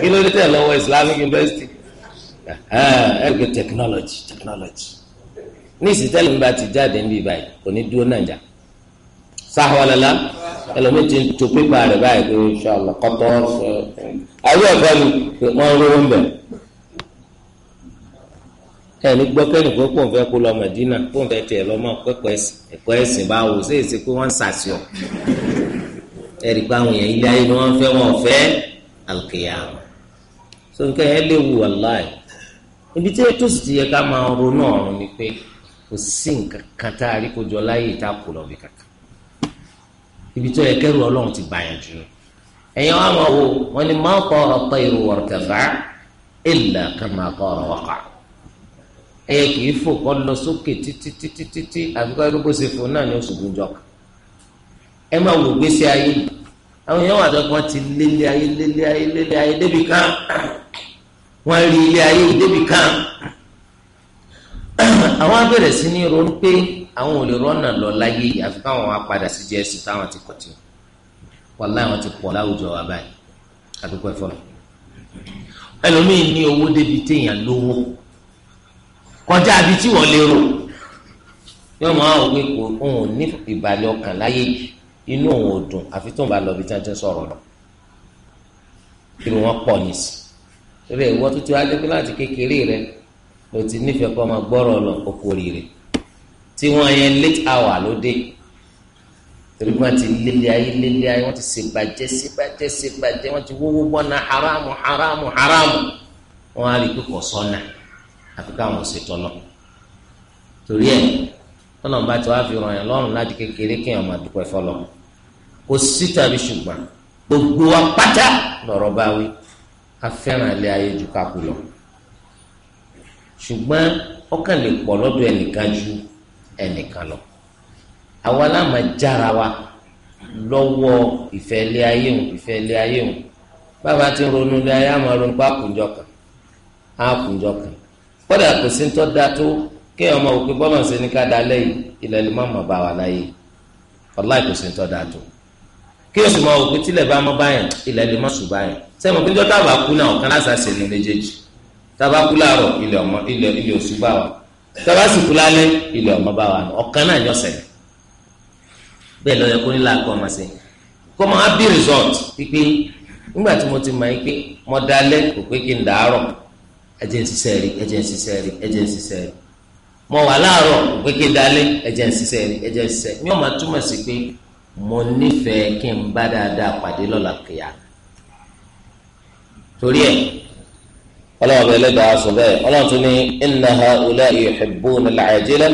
kí ló dé tẹ̀ lọ́wọ́ Islamic University ẹ̀ẹ́dẹ̀gbẹ̀ technology technology ní ìsìtẹ́lẹ̀ nígbà tí jáde ń báyìí kò ní dúró ń pépà rẹ̀ báyìí kọ́tọ́ ẹ̀kọ́ ni wọ́n rówó ń ẹni gbọ́ kẹ́ni kó pò ń fẹ́ kó lọ Mẹ̀dínà pò ń fẹ́ tiẹ̀ lọ mọ́ ẹ̀kọ́ ẹ̀sìn ẹ̀kọ́ ẹ̀sìn bá wò sí èsì pé wọ́n ń sàṣọ ẹ̀rí pé àwọn èèyàn ilé ayé ni wọ́n fẹ́ wọn fẹ́ àlùkìyàmù so nǹkan yẹn léwu wàláì ibi tí ètò sì ti yẹ ká máa ronú ọ̀run ni pé kò sí nǹkan kan tá a rí kójọ láyé ìta kò lọ bí kankan ibi tó yẹ kẹrù Ọlọ́run ti bàyàn jù ẹ̀yin wọn ẹyẹ kìí fò kọ́ lọ sókè títí títí títí àfikọ́ ẹgbẹ́ bó ṣe fò náà ní oṣù gbọ́jọ́ ẹ máa wò gbèsè ayé àwọn èèyàn wà dọ́gbọ́n ti lélẹ̀ ayé lélẹ̀ ayé lélẹ̀ ayé débi kan wọ́n rí ilé ayé débi kan àwọn abẹ̀rẹ̀ sí ní ronú pé àwọn ò lè rọ́nà lọ láyé yìí àfikọ́ àwọn apàdà sí jẹ́ ẹ̀sìn táwọn ti kọ̀tì wàlá àwọn ti pọ̀ láwùjọ wa báyìí àdúgbò ẹ̀fọ́ ẹlòmíì ní owó débi téèyàn lówó kọjá àbí tí wọ́n lè rò yóò máa wọ pé kò òun ò ní ìbàlẹ̀ ọkàn láyé yìí inú òun ò dùn àfi tó ń bá lọ bí tí wọ́n ti ń sọ̀rọ̀ lọ irun wọn pọ̀ nìsí rẹ ìwọ tó ti wá dé pé láti kékeré rẹ ló ti nífẹ̀ẹ́ kọ́ máa gbọ́rọ̀ lọ oko rire tí wọ́n yẹn late hour ló dé torí wọ́n ti lélẹ̀ ayé lélẹ̀ ayé wọ́n ti ṣèbàjẹ́ ṣèbàjẹ́ ṣèbàjẹ́ wọ́n ti wówó bọ́nà haramu haramu haramu wọ́n á rí i pé kò sọ́nà àfi káwọn ṣètọ́ náà torí ẹ̀ tọ́lọ́mù bá ti wá fi ràn yàn lọ́rùn láti kékeré kéèyàn máa dúpẹ́ fọlọ́ kò sí tàbí ṣùgbọ́n gbogbo wa pátá lọ́rọ̀ bá wí afẹ́ràn ilé ayé ju kakú lọ ṣùgbọ́n ọkàn lè pọ̀ lọ́dọ̀ ẹnìkan ju ẹnìkan lọ àwa láàmà jára wa lọ́wọ́ ìfẹ́ ilé ayé òun ìfẹ́ ilé ayé òun bàbá ti ń ronú ilé ayé àmọ́ ronú pa kan àkùnjọ kan kódà kò sí tó da tó kéèyàn máa wò pé bọ́lá ń ṣe ní ká da lẹ́yìn ilẹ̀ lè má mọ̀ bá wa láyé ọláì kò sí tó da tó kéèyàn sì máa wò pé tílẹ̀ bá mọ́ báyẹn ilẹ̀ lè má sùn báyẹn sẹ́yìn mọ̀ pé níjọ́ tábà kú náà ọ̀kan láṣà ṣe ní méjèèjì tábà kú láàárọ̀ ilẹ̀ ọmọ ilẹ̀ ilẹ̀ òsù bá wa tábà sì kú lálẹ́ ilẹ̀ ọmọ bá wa ọ̀kan náà yọ̀sẹ̀ bẹ́ẹ̀ lọ́yẹ kó nílà ẹjẹ ń ṣiṣẹ́ rí ẹjẹ ń ṣiṣẹ́ rí ẹjẹ ń ṣiṣẹ́ rí mo wà láàárọ̀ pé kí n dalé ẹjẹ ń ṣiṣẹ́ rí ẹjẹ ń ṣiṣẹ́ ní ọmọ túmọ̀ sí pé mo nífẹ̀ẹ́ kí n bá dáadáa pàdé lọ́la kìyà torí ẹ̀ ọlọ́run bẹ̀rẹ̀ lẹ́dàá sọ bẹ́ẹ̀ ọlọ́run tún ní inna ha'ula'i yuhibbuna al-'ajila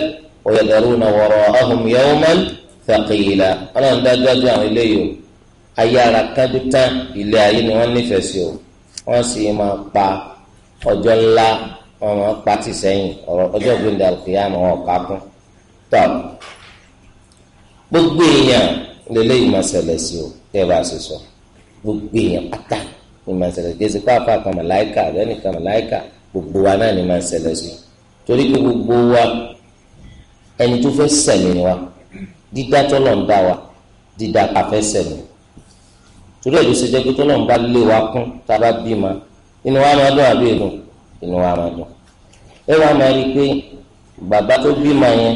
wa yadharuna wara'ahum yawman thaqila ọlọ́run dájúdájú àwọn eléyìí o ayára kájú tán ilé ayé ni wọ́n nífẹ̀ẹ́ sí o wọ́n sì máa pa ọjọ́ ńlá wọn máa pati sẹ́yìn ọ̀rọ̀ ọjọ́ gbẹ̀ndẹ̀ àlùkìyàmù wọn kà kún tọ́ gbogbo èèyàn lélẹ́yìí máa ṣẹlẹ̀ sí o kẹ́ ẹ bá ṣe sọ gbogbo èèyàn pátá ni máa ṣẹlẹ̀ kí ẹ sì pàápàá kan màláìkà abẹ́nìkan màláìkà gbogbo wa náà ni máa sí torí pé gbogbo wa ẹni tó fẹ́ sẹ̀mí wa dídá tọ́lọ̀ ń dá wa dídá káfẹ́ sẹ̀mí torí ẹ̀ ló ṣe jẹ́ pé tọ́lọ̀ ń bá lé wa kún tá a bá bí inú wa máa dùn àbí èdùn inú wa máa dùn ẹ wá máa rí i pé bàbá tó bímọ yẹn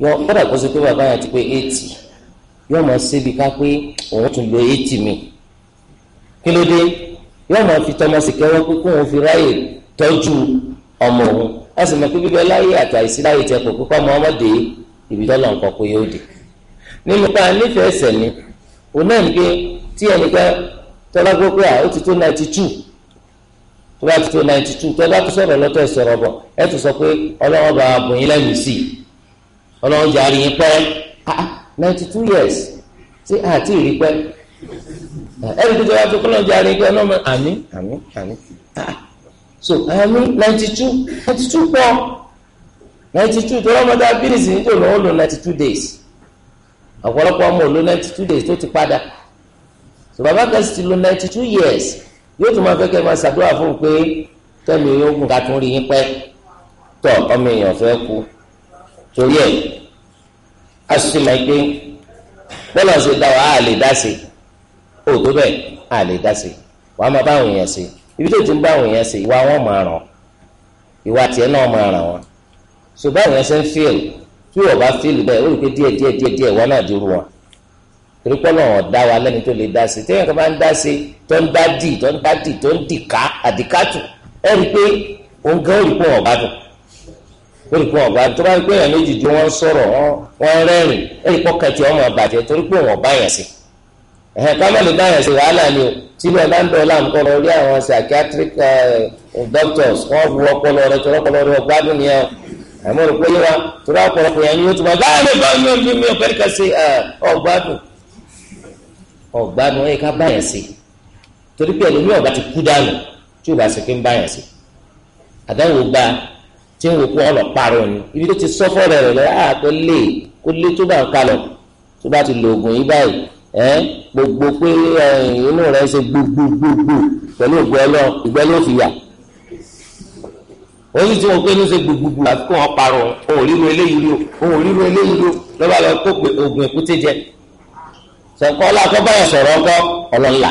yọ kódà kó so pé bàbá yẹn ti pé eighty yọ máa ṣébi ká pé òun tún lo eighty mi kí ló dé yọ máa fi tọmọ sí kẹwọ pé kó òun fi ráyè tọ́jú ọmọ òun a sì mọ pé bíbẹ láyé àti àìsí ibi nǹkan kó yóò dé nínú pa nífẹ̀ẹ́ ẹsẹ̀ ni òun náà ní tó bá ti tó ninety two tó bá tó sọ̀rọ̀ lọ́tọ̀ ìsọ̀rọ̀ bọ̀ ẹ tó sọ pé ọlọ́wọ́ bá bùn yín lẹ́yìn sí i ọlọ́wọ́ jàre yín pẹ́ ah, ah, ninety two years ṣé àti ìrí pẹ́ ẹni tó tọ́wọ́ àfikún náà jàre yín pẹ́ ọlọ́mọ àmì àmì àmì ah, so àmì ninety two ninety two pọ̀ ninety two tó lọ́mọdé abirisi níjọ́ lọ́wọ́ lò ninety two days ọ̀pọ̀lọpọ̀ ọmọ ò lo ninety two days tó ti padà so bàbá kan sì ti lo ninety two years yóò tún máa fẹ́ kẹ́ máa ṣàdúrà fún un pé kẹ́mi yóò ká tún rí yín pẹ́ tọ̀ ọmọ èèyàn fẹ́ kú torí ẹ̀ a sì máa gbé bọ́lá ṣe dá wa lè dá sí o tó bẹ́ẹ̀ á lè dá sí wàá máa bá àwọn èèyàn sí ibi tó ti ń bá àwọn èèyàn sí ìwà wọn máa ràn ìwà tiẹ̀ náà máa ràn wọn ṣùgbọ́n àwọn èèyàn ṣe ń fíìlì tí wọ́n bá fíìlì bẹ́ẹ̀ ó rí i pé díẹ̀ díẹ̀ díẹ̀ díẹ̀ wọn náà dúró wọn torípọ́lọ́ ọ̀ dá wa lẹ́ni tó lè dá sí téèyàn kan bá ń dá sí tó ń dá dì tó ń dá dì tó ń dì ká àdìkátù ẹ rí i pé òun gan ó rí pé ọ̀gbá dùn ó rí pé ọ̀gbá dùn tó bá rí pé èèyàn méjì ju wọn sọ̀rọ̀ wọn rẹ́rìn ẹ rí pọ́kẹ́ tí ọmọ bàjẹ́ torí pé òun ọ̀bá yẹn sí ẹ̀hẹ́n ká má lè bá yẹn sí wàhálà ni o tí ilé ọba ń bẹ̀ ọlá nǹkan lọ rí àwọn psychiatric eh, doctors wọ́n bu ọpọlọ rẹ tọrọ ọpọlọ rẹ ọgbádùn ni ẹ àmọ́ rò pé yíwa tọrọ ọpọlọ rẹ yẹn ni ó tún bá báyìí báyìí mi ò fẹ́ kà sí ọgbádùn ọ̀gbádùn ẹ̀ka báyàn sí torí pé ẹlòmíì ọ̀gá ti kú dànù tí ò bá sì pé ń báyàn sí àdáwò gba tí ń wòkú ọlọ́pàá ni ibi tó ti sọ́fọ́ rẹ̀ rẹ̀ lọ́wọ́ àpò lè kó lé tó bá ń kalọ̀ tó bá ti lo oògùn yìí báyìí ẹ gbogbo pé inú rẹ̀ ṣe gbogbogbò pẹ̀lú ògbẹ́lọ́ ìgbẹ́lọ́ fi yà oyin tí wọn pé ní ṣe gbogbogbò àti kó wọn parọ́ òun ò eléyìí rí o òun eléyìí rí lọ́ba lọ kó oògùn èkúté jẹ sẹ̀kọ́ ọlá kọ́ báyà sọ̀rọ̀ ọkọ́ ọlọ́lá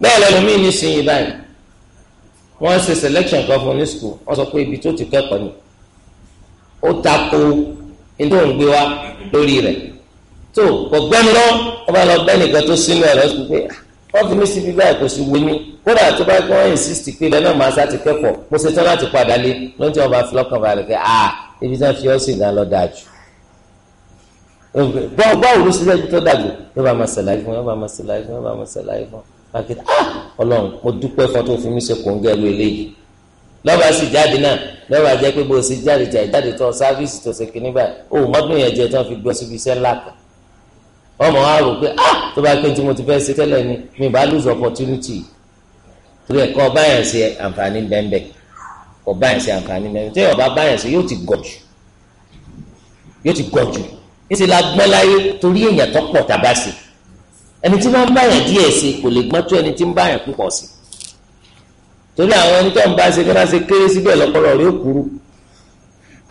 bẹ́ẹ̀ lẹ́nu mí ní sin ìbáyìí wọ́n ṣe selection kan fún ní school wọ́n sọ pé ibi tó ti kẹ́kọ̀ọ́ ni ó tako ní tó ń gbé wa lórí rẹ̀ tó kò gbẹ́ni lọ wọ́n bá lọ bẹ́ẹ̀ nìkan tó sínú ẹ̀rọ sùn pé ah, wọ́n fi mí sí ibi báyìí kò sí wo mí kódà tó bá kọ́ insist pé bẹ́ẹ̀ náà màá sá ti kẹ́kọ̀ọ́ mo ṣe tán láti padà lé lóńtí wọn bá fi lọ́kàn balẹ̀ pé ah ibi tí wọ́n fi ọ́ sì dá jù báwo ló ṣe jẹ́ tó dàgbò yóò bá máa ṣàlàyé fún yóò bá máa ṣàlàyé fún yóò bá máa ṣàlàyé fún pàkìtà ah ọlọ́run mo dúpẹ́ fún tó fi mí ṣe kòńgẹ́ lu eléyìí lọ́ba sì jáde náà lọ́ba jẹ́ pé bó o sì jáde jà jáde tó sáfíìsì tó ṣe kínní báyìí o mọ́dún yẹn jẹ tó fi gbọ́ síbi iṣẹ́ ńlá kan ọmọ wa rò pé ah tó bá pé tí mo ti fẹ́ ṣe tẹ́lẹ̀ ni mi bá lose opportunity torí ẹ̀kọ́ báyàn ṣe àǹfààní bẹ́ẹ̀ kọ́ báyàn ṣe àǹfààní bẹ́ẹ̀ tí ọba báyàn ṣe yóò ti gọ̀ yóò ti gọ̀ ìṣe la gbọ́n láyé torí èèyàn tó pọ̀ tàbá sí ẹni tí wọ́n ń báyàn díẹ̀ sí kò lè gbọ́n tó ẹni tí ń báyàn púpọ̀ sí torí àwọn ẹni tó ń bá ṣe kí wọ́n ṣe kéré síbẹ̀ lọ́pọ̀lọ́ rẹ̀ ó kúrú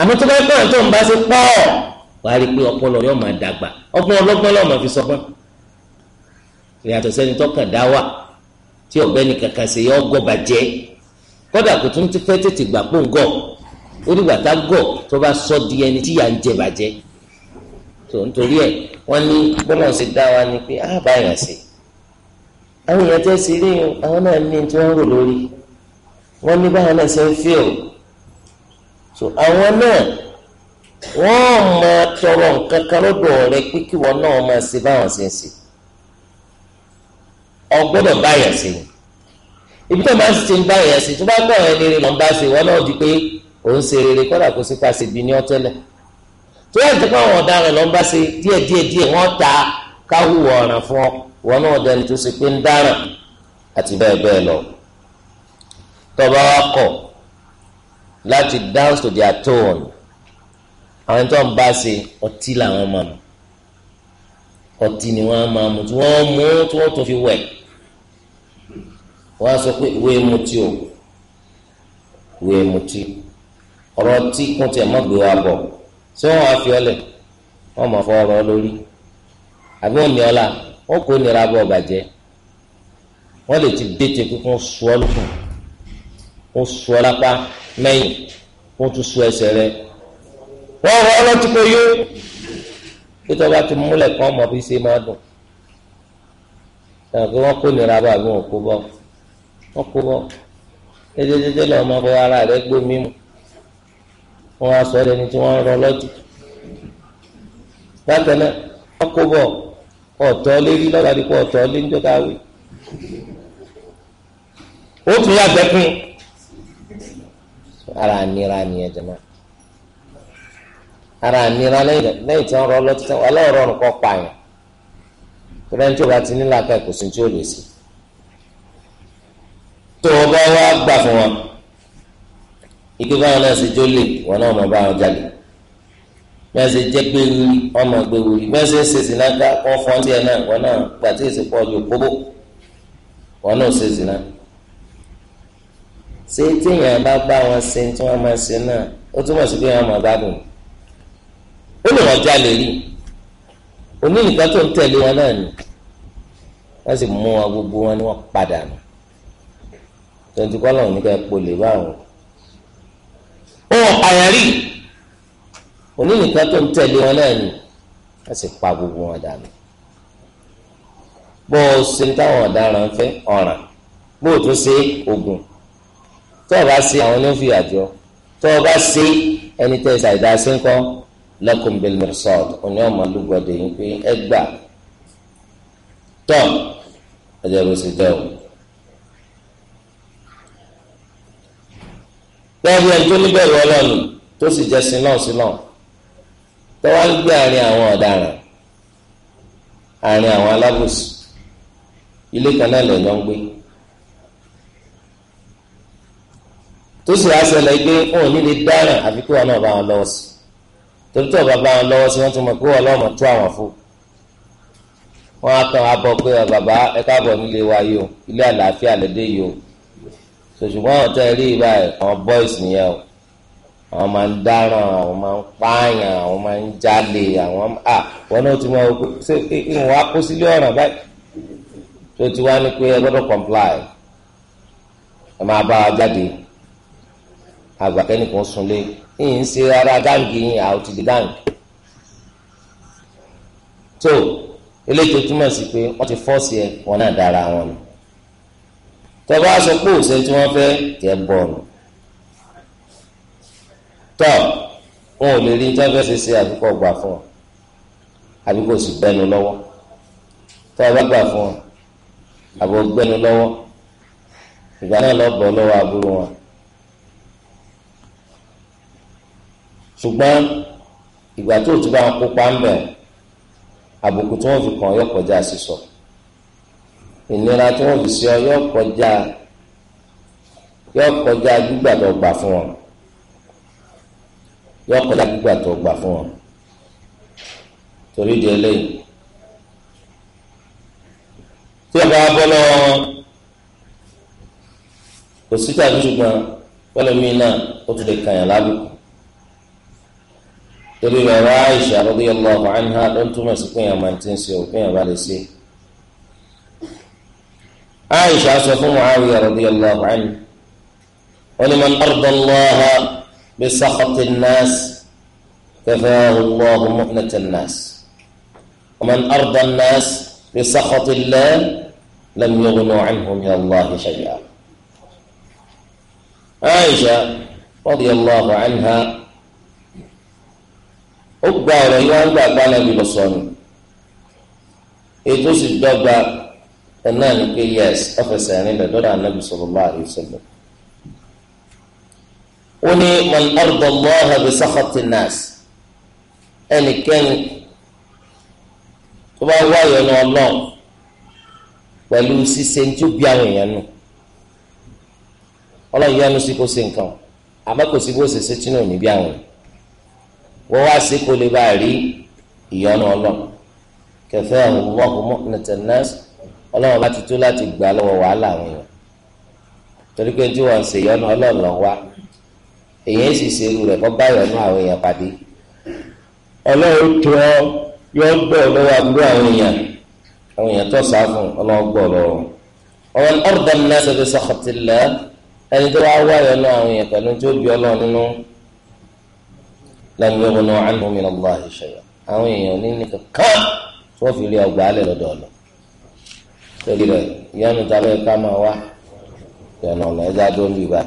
àmọ́ tó bá pọ̀ tó ń bá ṣe pọ̀ wàá rí i pé ọpọlọ rẹ̀ ó máa dàgbà ọgbọ́n ọlọ́gbọ́n lọ́ọ́ máa fi sọgbọ́n ìyàtọ̀ sẹ́ni tó kàn dá wà tí ọ̀gbẹ́ni kankan ṣe yọ ọgọ́ bàjẹ́ kódà kò tún ti fẹ́ tètè gbà pòǹgọ̀ ó dìgbà tá gọ̀ tó bá sọ di ẹni tí yà ń jẹ bàjẹ́ tó nítorí ẹ̀ wọ́n ní bọ́lá ṣe dá wa ni pé á bá yàn sí àwọn èèyàn tẹ́ sí ilé yẹn àwọn náà ní tí wọ́n rò lórí wọ́n ní báwọn náà ṣe ń fíl so àwọn náà wọ́n máa tọrọ nǹkan kan lọ́dọ̀ rẹ pé kí wọ́n náà máa ṣe báwọn ṣe ń ṣe ọ gbọ́dọ̀ báyà sí i ibi tó máa ń ṣe ń báyà sí i tó bá gbọ́ ẹ ní rere lọ́nba ṣe wọ́n náà di pé òun ṣe rere kọ́dà kó sípa ṣe bí ní ọ́ tó yẹ kí wọn ọ̀daràn lọ ń bá ṣe díẹ̀ díẹ̀ díẹ̀ wọn ta káwùwọ ọ̀ràn fún ọ wọn náà dẹni tó ṣe pé ń dáràn àti bẹ́ẹ̀ bẹ́ẹ̀ lọ tọba wa kọ láti dance to their tone àwọn tó ń bá ṣe ọtí làwọn máa mú ọtí ni wọn máa mú tí wọn mú tí wọn tó fi wẹ̀ wọn sọ pé ìwé mutí o ìwé mutí ọ̀rọ̀ tí kún tiẹ̀ mọ́ gbé wa bọ̀ ṣé wọn wá fi ọlẹ wọn mọ fọwọ́ rọ lórí àbí wọn ní ọlá wọn kò nira bọ bàjẹ́ wọn lè ti dètè kókó sọ ọ lókun kó sọ ọ lápá mẹ́yìn kó tún sọ ẹsẹ̀ rẹ̀ wọn rọ ọlọtí kò yó pété ọba ti múlẹ̀ kán mọ bí ṣe máa dùn tàbí wọn kò nira bọ àbí wọn kó bọ wọn kó bọ ẹdẹdẹdẹ lọ ọmọ bọ ara rẹ̀ gbó mímu. wọn wá sọ ẹni tí wọn rọ lọdì látẹlẹ ọkọ bọ ọtọ lérí lọba dípò ọtọ lé ní ara nira nìyẹn jẹ ara nira lẹ́yìn tí wọn rọ lọtí tí wọn lọrọ kọ pààyàn tí o bá ti nílò akẹ́kọ̀ọ́ sí tí o lè sí tó o bá wá gbà wọn. ike báwọn náà ṣe jólè wọn náà mọ báwọn jalè bí wọn ṣe jẹ gbé wuli ọmọ gbé wuli bí wọn ṣe ṣe sinaka kọ fọn tiẹ náà wọn náà gbàtí ìsìnkú ọjọ́ kóbó wọn náà ṣe sinaka ṣé téèyàn bá bá wọn ṣe tí wọn máa ṣe náà ó túmọ̀ sí pé wọn máa bá dùn ó lè wọ́n jalè rí oní nìkan tó ń tẹ̀lé wọn náà ni wọ́n sì mú wọn gbogbo wọn ni wọ́n padà nù tẹ̀ntìkọ́ lọ́wọ́ nígbà pọ̀ lè bá wọn pààyàn rí òní nìkan tó ń tẹ̀lé wọn náà ni wọ́n sì pa gbogbo wọn dànù bó o ṣe ń táwọn ọ̀daràn fẹ́ ọ̀ràn bó o tún ṣe ogun tó o bá ṣe àwọn ní òfin àjọ tó o bá ṣe ẹni tẹ́ ṣàìdá ṣe ń kọ́ lakum bil mirsad òní ọmọ lúgbọ̀dẹ̀ yín pé ẹ gbà tọ́ ẹ̀jẹ̀ ló ṣe jẹ́ o. bẹ́ẹ̀ni ẹni tó níbẹ̀rù ọlọ́run tó sì jẹ́ sinlọ́ọ̀ sinlọ́ọ̀ tó wá ń gbé àárín àwọn ọ̀daràn àárín àwọn alábòsí ilé kan náà lẹ́yìn ọ̀gbé tó sì wá ṣẹlẹ̀ pé òun ní lè dáràn àfi pé wọn náà bá wọn lọ́wọ́ sí torí tó bàbá wọn lọ́wọ́ sí wọn tún mọ̀ pé wọn lọ́wọ́ tó àwọn fún wọn á kàn á pé bàbá ẹ káàbọ̀ nílé wa yìí o ilé àlàáfíà lẹ́dẹ̀ yìí o sòṣùgbọ́n àwọn tẹ́ rí báyìí àwọn boys nìyẹn o àwọn máa ń dáràn àwọn máa ń pààyàn àwọn máa ń jalè àwọn à wọn náà ti mọ ṣé ìwọ̀n wa kó sílé ọ̀ràn báyìí tó ti wá ní pé ẹ gbọ́dọ̀ comply ẹ máa bá wa jáde àgbàkẹ́nìkan sunlé yìí ń ṣe ara dáǹgì yìí àwọn ti di dáǹgì tó eléyìí tó túmọ̀ sí pé wọ́n ti fọ́ọ̀sì ẹ wọn náà dára wọn nù tẹ́lẹ̀ wá sọ pé òsè tí wọ́n fẹ́ kẹ́ bọ̀ọ̀nù tọ́ wọn ò lè rí tí wọ́n fẹ́ ṣe ṣe àbíkọ́ gbà fún ọ àbíkọ́ sì bẹ́nu lọ́wọ́ tọ́ ọ bá gbà fún ọ àbò gbẹ́nu lọ́wọ́ ìgbà náà lọ́ bọ̀ lọ́wọ́ aburú wọn. ṣùgbọ́n ìgbà tó o ti bá ń kópa ń bẹ̀ àbùkù tí wọ́n fi kàn yọ kọjá sísọ. So ìnira tí wọ́n fi sí ọ yóò kọjá yóò kọjá gbígbà tó gbà fún wọn yóò kọjá gbígbà tó gbà fún wọn torí di eléyìí tí ọba abọ́lọ́ kò sí tàbí ṣùgbọ́n pẹ́lẹ́mí náà ó ti lè kàyàn lábùkù torí rẹ̀ rà Aisha radiyallahu anha ló ń túmọ̀ sí pé èèyàn máa ti ń ṣe òfin ìyàbá lè ṣe عائشة أسوف معاوية رضي الله عنه ولمن أرضى الله بسخط الناس كفاه الله مؤنة الناس ومن أرضى الناس بسخط الله لم يغنوا عنه من الله شيئا عائشة رضي الله عنها أبا وليوان بابا نبي بصوني إذ أسد بابا náà ni pé yes ọfẹsẹ rìn lọ lọ́dọ̀ anabi sallallahu alaihi wasallam ó ní man arda Allah bi sakhati nas ẹnikẹ́ni tó bá wá ìyọnu Ọlọ́run pẹ̀lú ṣíṣe ní tó bí àwọn èèyàn nù Ọlọ́run yọ́nú sí kó ṣe nǹkan àmọ́ kò sí bó ṣe ṣe tí náà ní bí àwọn wọn wá sí kó lè bá rí ìyọnu Ọlọ́run kafahu Allahu mu'nata nas ọlọ́run bá ti tó láti gbà lọ́wọ́ wàhálà àwọn èèyàn torí pé tí wọ́n ń ṣe yọnu ọlọ́run lọ wá èèyàn sì ṣe irú rẹ̀ kọ́ bá yọnu àwọn èèyàn pàdé ọlọ́run tó ọ yọ gbọ́ lọ́wọ́ àbúrò àwọn èèyàn àwọn èèyàn tó sá fún ọlọ́run gbọ́ lọ́wọ́ ọ̀rọ̀ ọ̀rọ̀dà náà ṣe fi sọ̀kọ̀tìlẹ̀ ẹni tó wá wá yọnu àwọn èèyàn pẹ̀lú tó bí ọlọ́run nínú lẹ́nu torí rẹ̀ ìyanu ta ló yẹ ká máa wá ìyànà ọ̀nà ẹ̀dá tó ń bìbá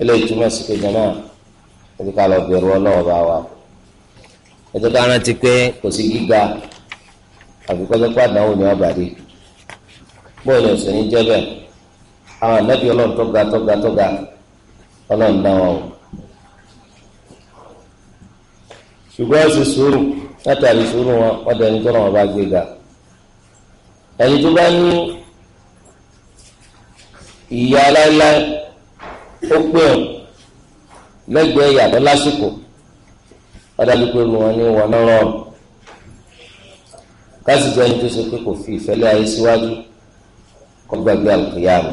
eléyìí túmọ̀ sí pé jẹ́ náà ẹ̀dí ká lọ bẹ̀rù ọlọ́wọ́ bá wa ẹ̀dí ká rántí pé kò sí gíga àfi kọ́jọ́ pé àdánwò ni ọba dé bóyá ọ̀sẹ̀ ní jẹ́ bẹ́ẹ̀ àwọn ànábì ọlọ́run tó ga tó ga tó ga ọlọ́run dá o ṣùgbọ́n ó sùúrù látàrí sùúrù wọn ọ̀dọ̀ ẹni ẹni tó bá ní ìyá láéláé ó pè ọ́ lẹ́gbẹ̀ẹ́ ìyàtọ̀ lásìkò ọ̀dàbí pé wọn ní wọn náà rọrùn káàsì jẹ́ ẹni tó ṣe pé kò fi ìfẹ́lẹ́ ayé síwájú kó gbàgbé àlùkìyàmù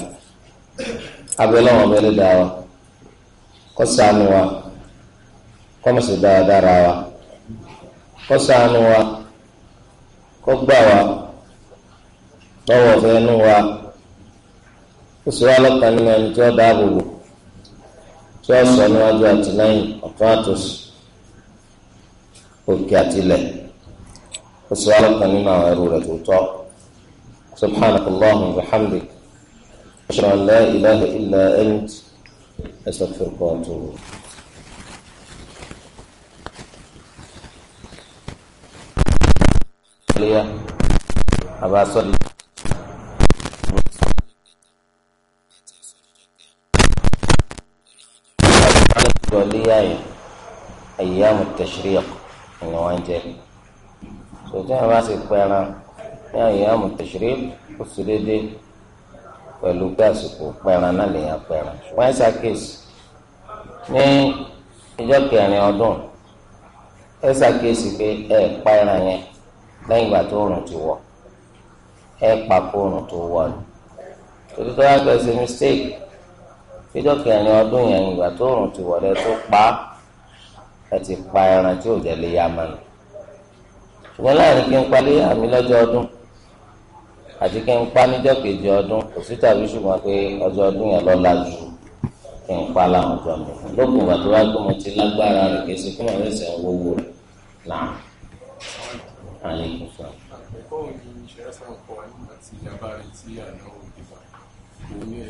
abẹ́lẹ́ wọn bẹ́ẹ̀ lè dá wa kó ṣàánú wa kó mọ̀ dáradára wa kó ṣàánú wa kó gbà wa. tọwọ́ nu wa ó sì wá lọ́kàn nínú ẹni tí wọ́n dáàbò bò tí wọ́n sọ níwájú àtìlẹ́yìn ọ̀tún àtòsí òkè àtìlẹ̀ ó sì wá lọ́kàn nínú àwọn ẹrù rẹ̀ tó tọ́ سبحانك اللهم وبحمدك أشهد أن لا إله إلا أنت أستغفرك وأتوب إليك عليا أبا صلي alẹ́kùtù ọlẹ́yà yẹn ayyamu tashriq ni wọ́n jẹ́ sọ̀tún yẹn bá sì pẹ́ran ní ayyamu tashriq kò sí déédéé pẹ̀lú pé àsìkò pẹ́ran náà lèèyàn pẹ́ran ṣùgbọ́n ẹ̀sà kéésì ní ìjọ kẹrin ọdún ẹ̀sà kéésì pé ẹ̀ pẹ́ran yẹn lẹ́yìn ìgbà tó rùn ti wọ̀ ẹ̀ pàkó rùn tó wọ̀ ni tòtítọ́ àgbẹ̀ ṣe mistake fíjọ́ kẹrin ọdún yẹn ìgbà tó rùn ti wọlé tó pa ẹ ti pa ẹran tí ò jẹ́ lè yá mọ́ni ṣùgbọ́n láàrin kí n pa lé àmì lọ́jọ́ ọdún àti kí n pa níjọ́ kejì ọdún kò sí tàbí ṣùgbọ́n pé ọjọ́ ọdún yẹn lọ́la ju kí n pa láwọn ọjọ́ mi lókun ìgbà tó wá gbé mo ti lágbára rẹ̀ kí n sì fún owó rẹ̀ náà àyè kò fún ẹ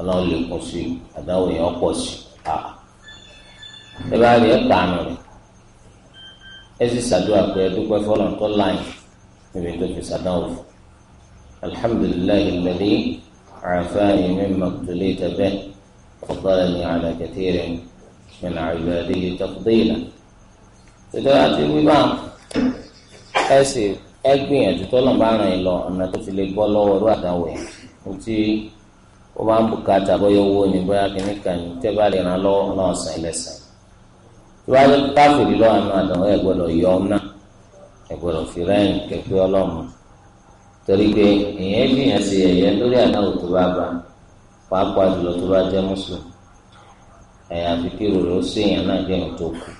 ọlọ́run lè pọ̀ sí i àdáwò yẹn pọ̀ sí i à ẹ bá rí ẹ kàánù rẹ ẹ sì ṣàdúrà pé ẹ dúpẹ́ fọlọ́n tó láyìn níbi tó fi ṣàdánwò fún alhamdulilayi alladhi àfáàyè mimma ibtulita bihi faddalani ala kathirin min ibadihi tafdila tòtò àti wíwá ẹ sì ẹ gbìyànjú tọ́lọ̀ bá ràn lọ ọ̀nà tó fi lè bọ́ lọ́wọ́ ru àdáwò yẹn ó máa ń bùkátà bóyá owó ni bóyá kìíní kan tẹ́ bá lè ràn lọ́wọ́ náà sàn ẹlẹ́sàn tí wàá káfíìrì lọ́wọ́ àánú àdánwò ẹ̀ gbọ́dọ̀ yọ ọ́ náà ẹ̀ gbọ́dọ̀ fi rẹ́yìn kẹ̀kẹ́ ọlọ́run torí pé èèyàn bí yẹn ṣe ẹ̀yẹ lórí àdáwò tó bá ba pàápàá jùlọ tó bá jẹ́ mùsùlùmí ẹ̀yà àfikírò rẹ̀ ó sì èèyàn náà jẹ́yìn tó kù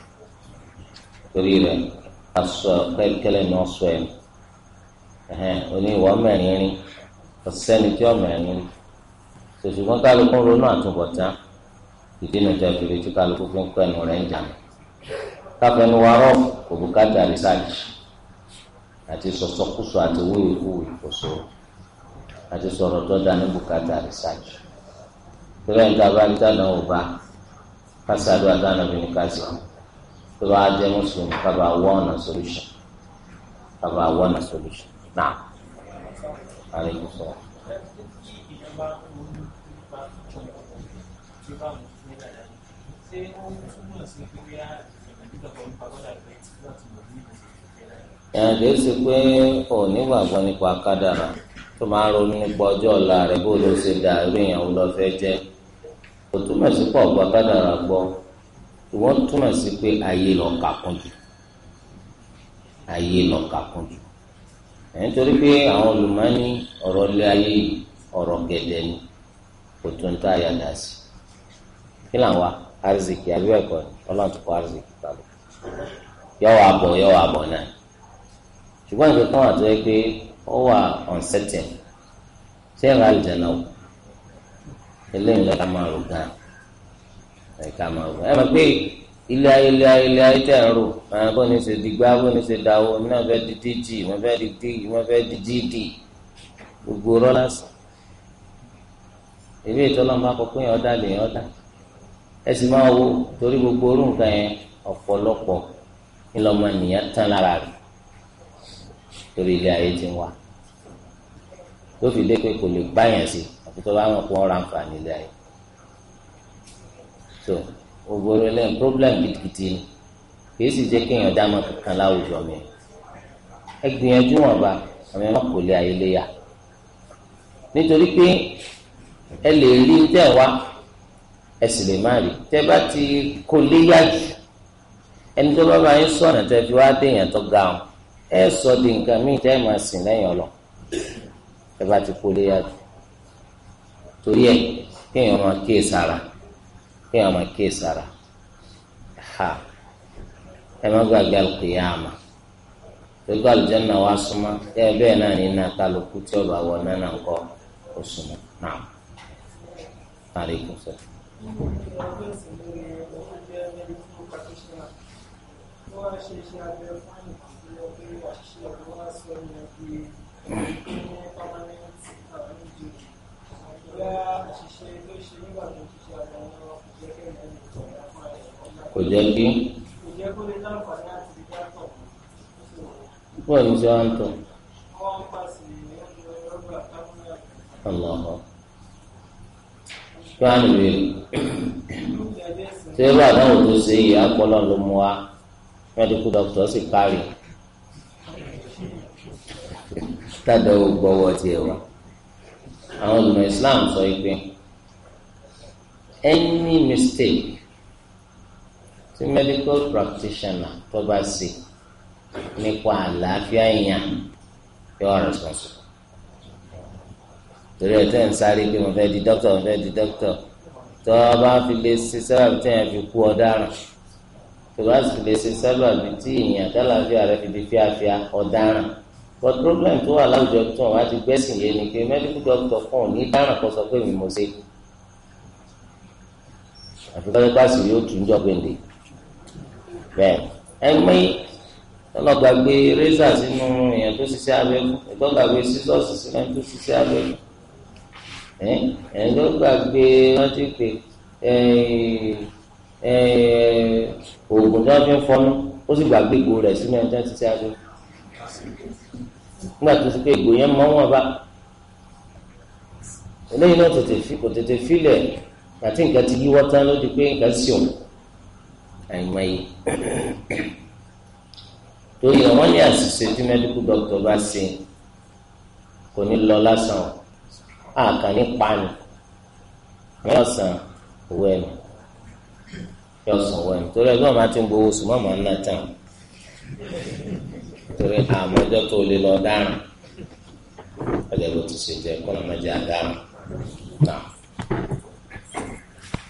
torí rẹ̀ aṣọ kẹ́lẹ́kẹ́lẹ́ ni wọ́n sọ ẹ̀ sòṣùgbọ́n kálukú ń ronú àtúbọ̀tán ìdínà tẹ fi retí kálukú fi ń kọ́ ẹnu rẹ̀ ń jà mí káfẹ́nu wa rọ̀ kò bùkátà rìsáàjì àti sọ̀sọ́kùsọ àti wíwíwí ìkóso àti sọ̀rọ̀ tó dá ní bùkátà rìsáàjì tẹ́lẹ̀ níta bá ń dáná ọba kásádù àdáná bí ní kásì tó bá jẹ́ mùsùlùmí kábà wọ́n ọ̀nà solution kábà wọ́n ọ̀nà solution náà. Aleykum salaam ṣe bá àwọn òṣìṣẹ́ dáadáa ni ṣé ó túmọ̀ sí pé bí a ìgbàgbọ́ nípa kádàrá rẹ̀ ti láti mọ̀ ní ìgbésẹ̀ rẹ̀. ṣe pé ò nígbàgbọ́ nípa kádàrá tó máa ń ronú nípa ọjọ́ ọ̀la rẹ̀ bó ló ṣe dà irú èèyàn lọ fẹ́ jẹ́ kò túmọ̀ sí pọ̀ gbọ́ kádàrá gbọ́ ìwọ́n túmọ̀ sí pé ayé lọ kàkún jù ayé lọ kàkún jù nítorí pé àwọn olùmọ́ni ọ̀rọ̀ lé ayé ọ̀rọ̀ gẹ̀dẹ̀ ni kò tó ń tá a sí kí là ń wá arziki àbí bẹ́ẹ̀ kọ́ ọlọ́run ti kọ́ arziki pàbó yọ wà bọ̀ yọ wà bọ̀ náà ṣùgbọ́n nǹkan kan wà tó yẹ pé ó wà uncertain ṣé ẹ̀rọ àlùjáná o eléyìí lọ́ka máa rò gan ẹ̀ka máa rò ẹ̀ mọ̀ pé ilé ayé ilé ayé ilé ayé tẹ̀ ń rò bó ni ṣe dìgbà bó ni ṣe dàwó mi náà fẹ́ di díjì mo fẹ́ di díjì mo fẹ́ di díjì gbogbo rọ́lá sùn ìwé ìtọ́lọ́mọ akọ ọ̀dà lè ọ̀dà ẹ sì máa wo torí gbogbo orú nǹkan yẹn ọ̀pọ̀lọpọ̀ ńlọmọ ènìyàn tán lára rẹ̀ torí ilé ayé ti ń wá tó fi dé pé kò lè báyàn sí àti tó bá wọn kó ọ̀rọ̀ àǹfààní ilé ayé so gbogbo orú ẹlẹ́yìn problem gidigidi ni kì í sì jẹ́ kéèyàn dá máa kankan láwùjọ mi ẹ gbìyànjú wọn bá àmì ẹ má kò lé ayé léyà nítorí pé ẹ lè rí tẹ̀ wá. ẹ sì lè má rí tẹ́ bá ti kó léyà jù ẹni tó bá bá yín sọ ọ̀nà tẹ́ fi wá déèyàn tó ga ọ ẹ sọ di nǹkan míì tẹ́ máa sìn lẹ́yìn ọlọ tẹ́ bá ti kó léyà jù torí ẹ kéèyàn máa kíyè sára kéèyàn máa kíyè sára ha ẹ má gbàgbé àlùkìyámà gbogbo àlùjànnà wa súnmọ́ ẹ bẹ́ẹ̀ náà ní iná tí ọba wọ náà náà. kò jẹ́ bí bọ́ọ̀lù ṣe wá ń tọ̀. Allah fúlàní rèé tí irú àdáwò tó ṣe yìí akọlọ ló mú wa mẹdíkù dọkítọ sì kárì tádà ó tiẹ̀ wá àwọn olùmọ̀ Islam sọ pé any mistake tí medical practitioner tó bá ṣe nípa àlàáfíà èèyàn yóò responsible torí ẹ̀ tẹ́ ń sáré pé mo fẹ́ di dókítà mo fẹ́ di dókítà tó o bá fi lè ṣe sábàbí tí èèyàn fi kú ọ̀daràn tó o bá sì lè ṣe sábàbí tí èèyàn tálàfíà rẹ fi di fíafíà ọ̀daràn but problem tó wà láwùjọ tó wà ti gbẹ́sìn yé ni pé medical doctor kan ò ní dáràn kó sọ pé mi mo ṣe àfi kọ́lé pàṣẹ yóò tún jọ gbèǹde bẹ́ẹ̀ ẹgbẹ́ ọlọ́gbàgbé rẹ́sà sínú èèyàn tó ṣiṣẹ́ abẹ́kú ẹgbọ́gbàgbé sísọ́ọ̀sì sínú ẹni tó ṣiṣẹ́ abẹ́kú ẹ̀ ló gbàgbé rántí pé oògùn tí wọ́n fi ń fọnú ó sì gbàgbé ìgò rẹ̀ sínú ẹjọ́ títí adó nígbà tó ti pé ìgò yẹn mọ́ wọn bá eléyìí náà tètè fi kò tètè filẹ̀ àti nǹkan ti yíwọ́ tán ló di pé nǹkan sì òun àìmọye torí àwọn ní àṣìṣe tí mẹ́díkù dọ́kítọ̀ bá ṣe kò ní lọ lásán o. Ah, A ka nù yóò san owó ẹnu yóò san owó ẹnu torí ti ń sùn mọ́mọ́ ńlá tán torí àmọ́jọ́ tó lè lọ dáràn ọjà ìbò tó ṣe jẹ kọ́nà máa jẹ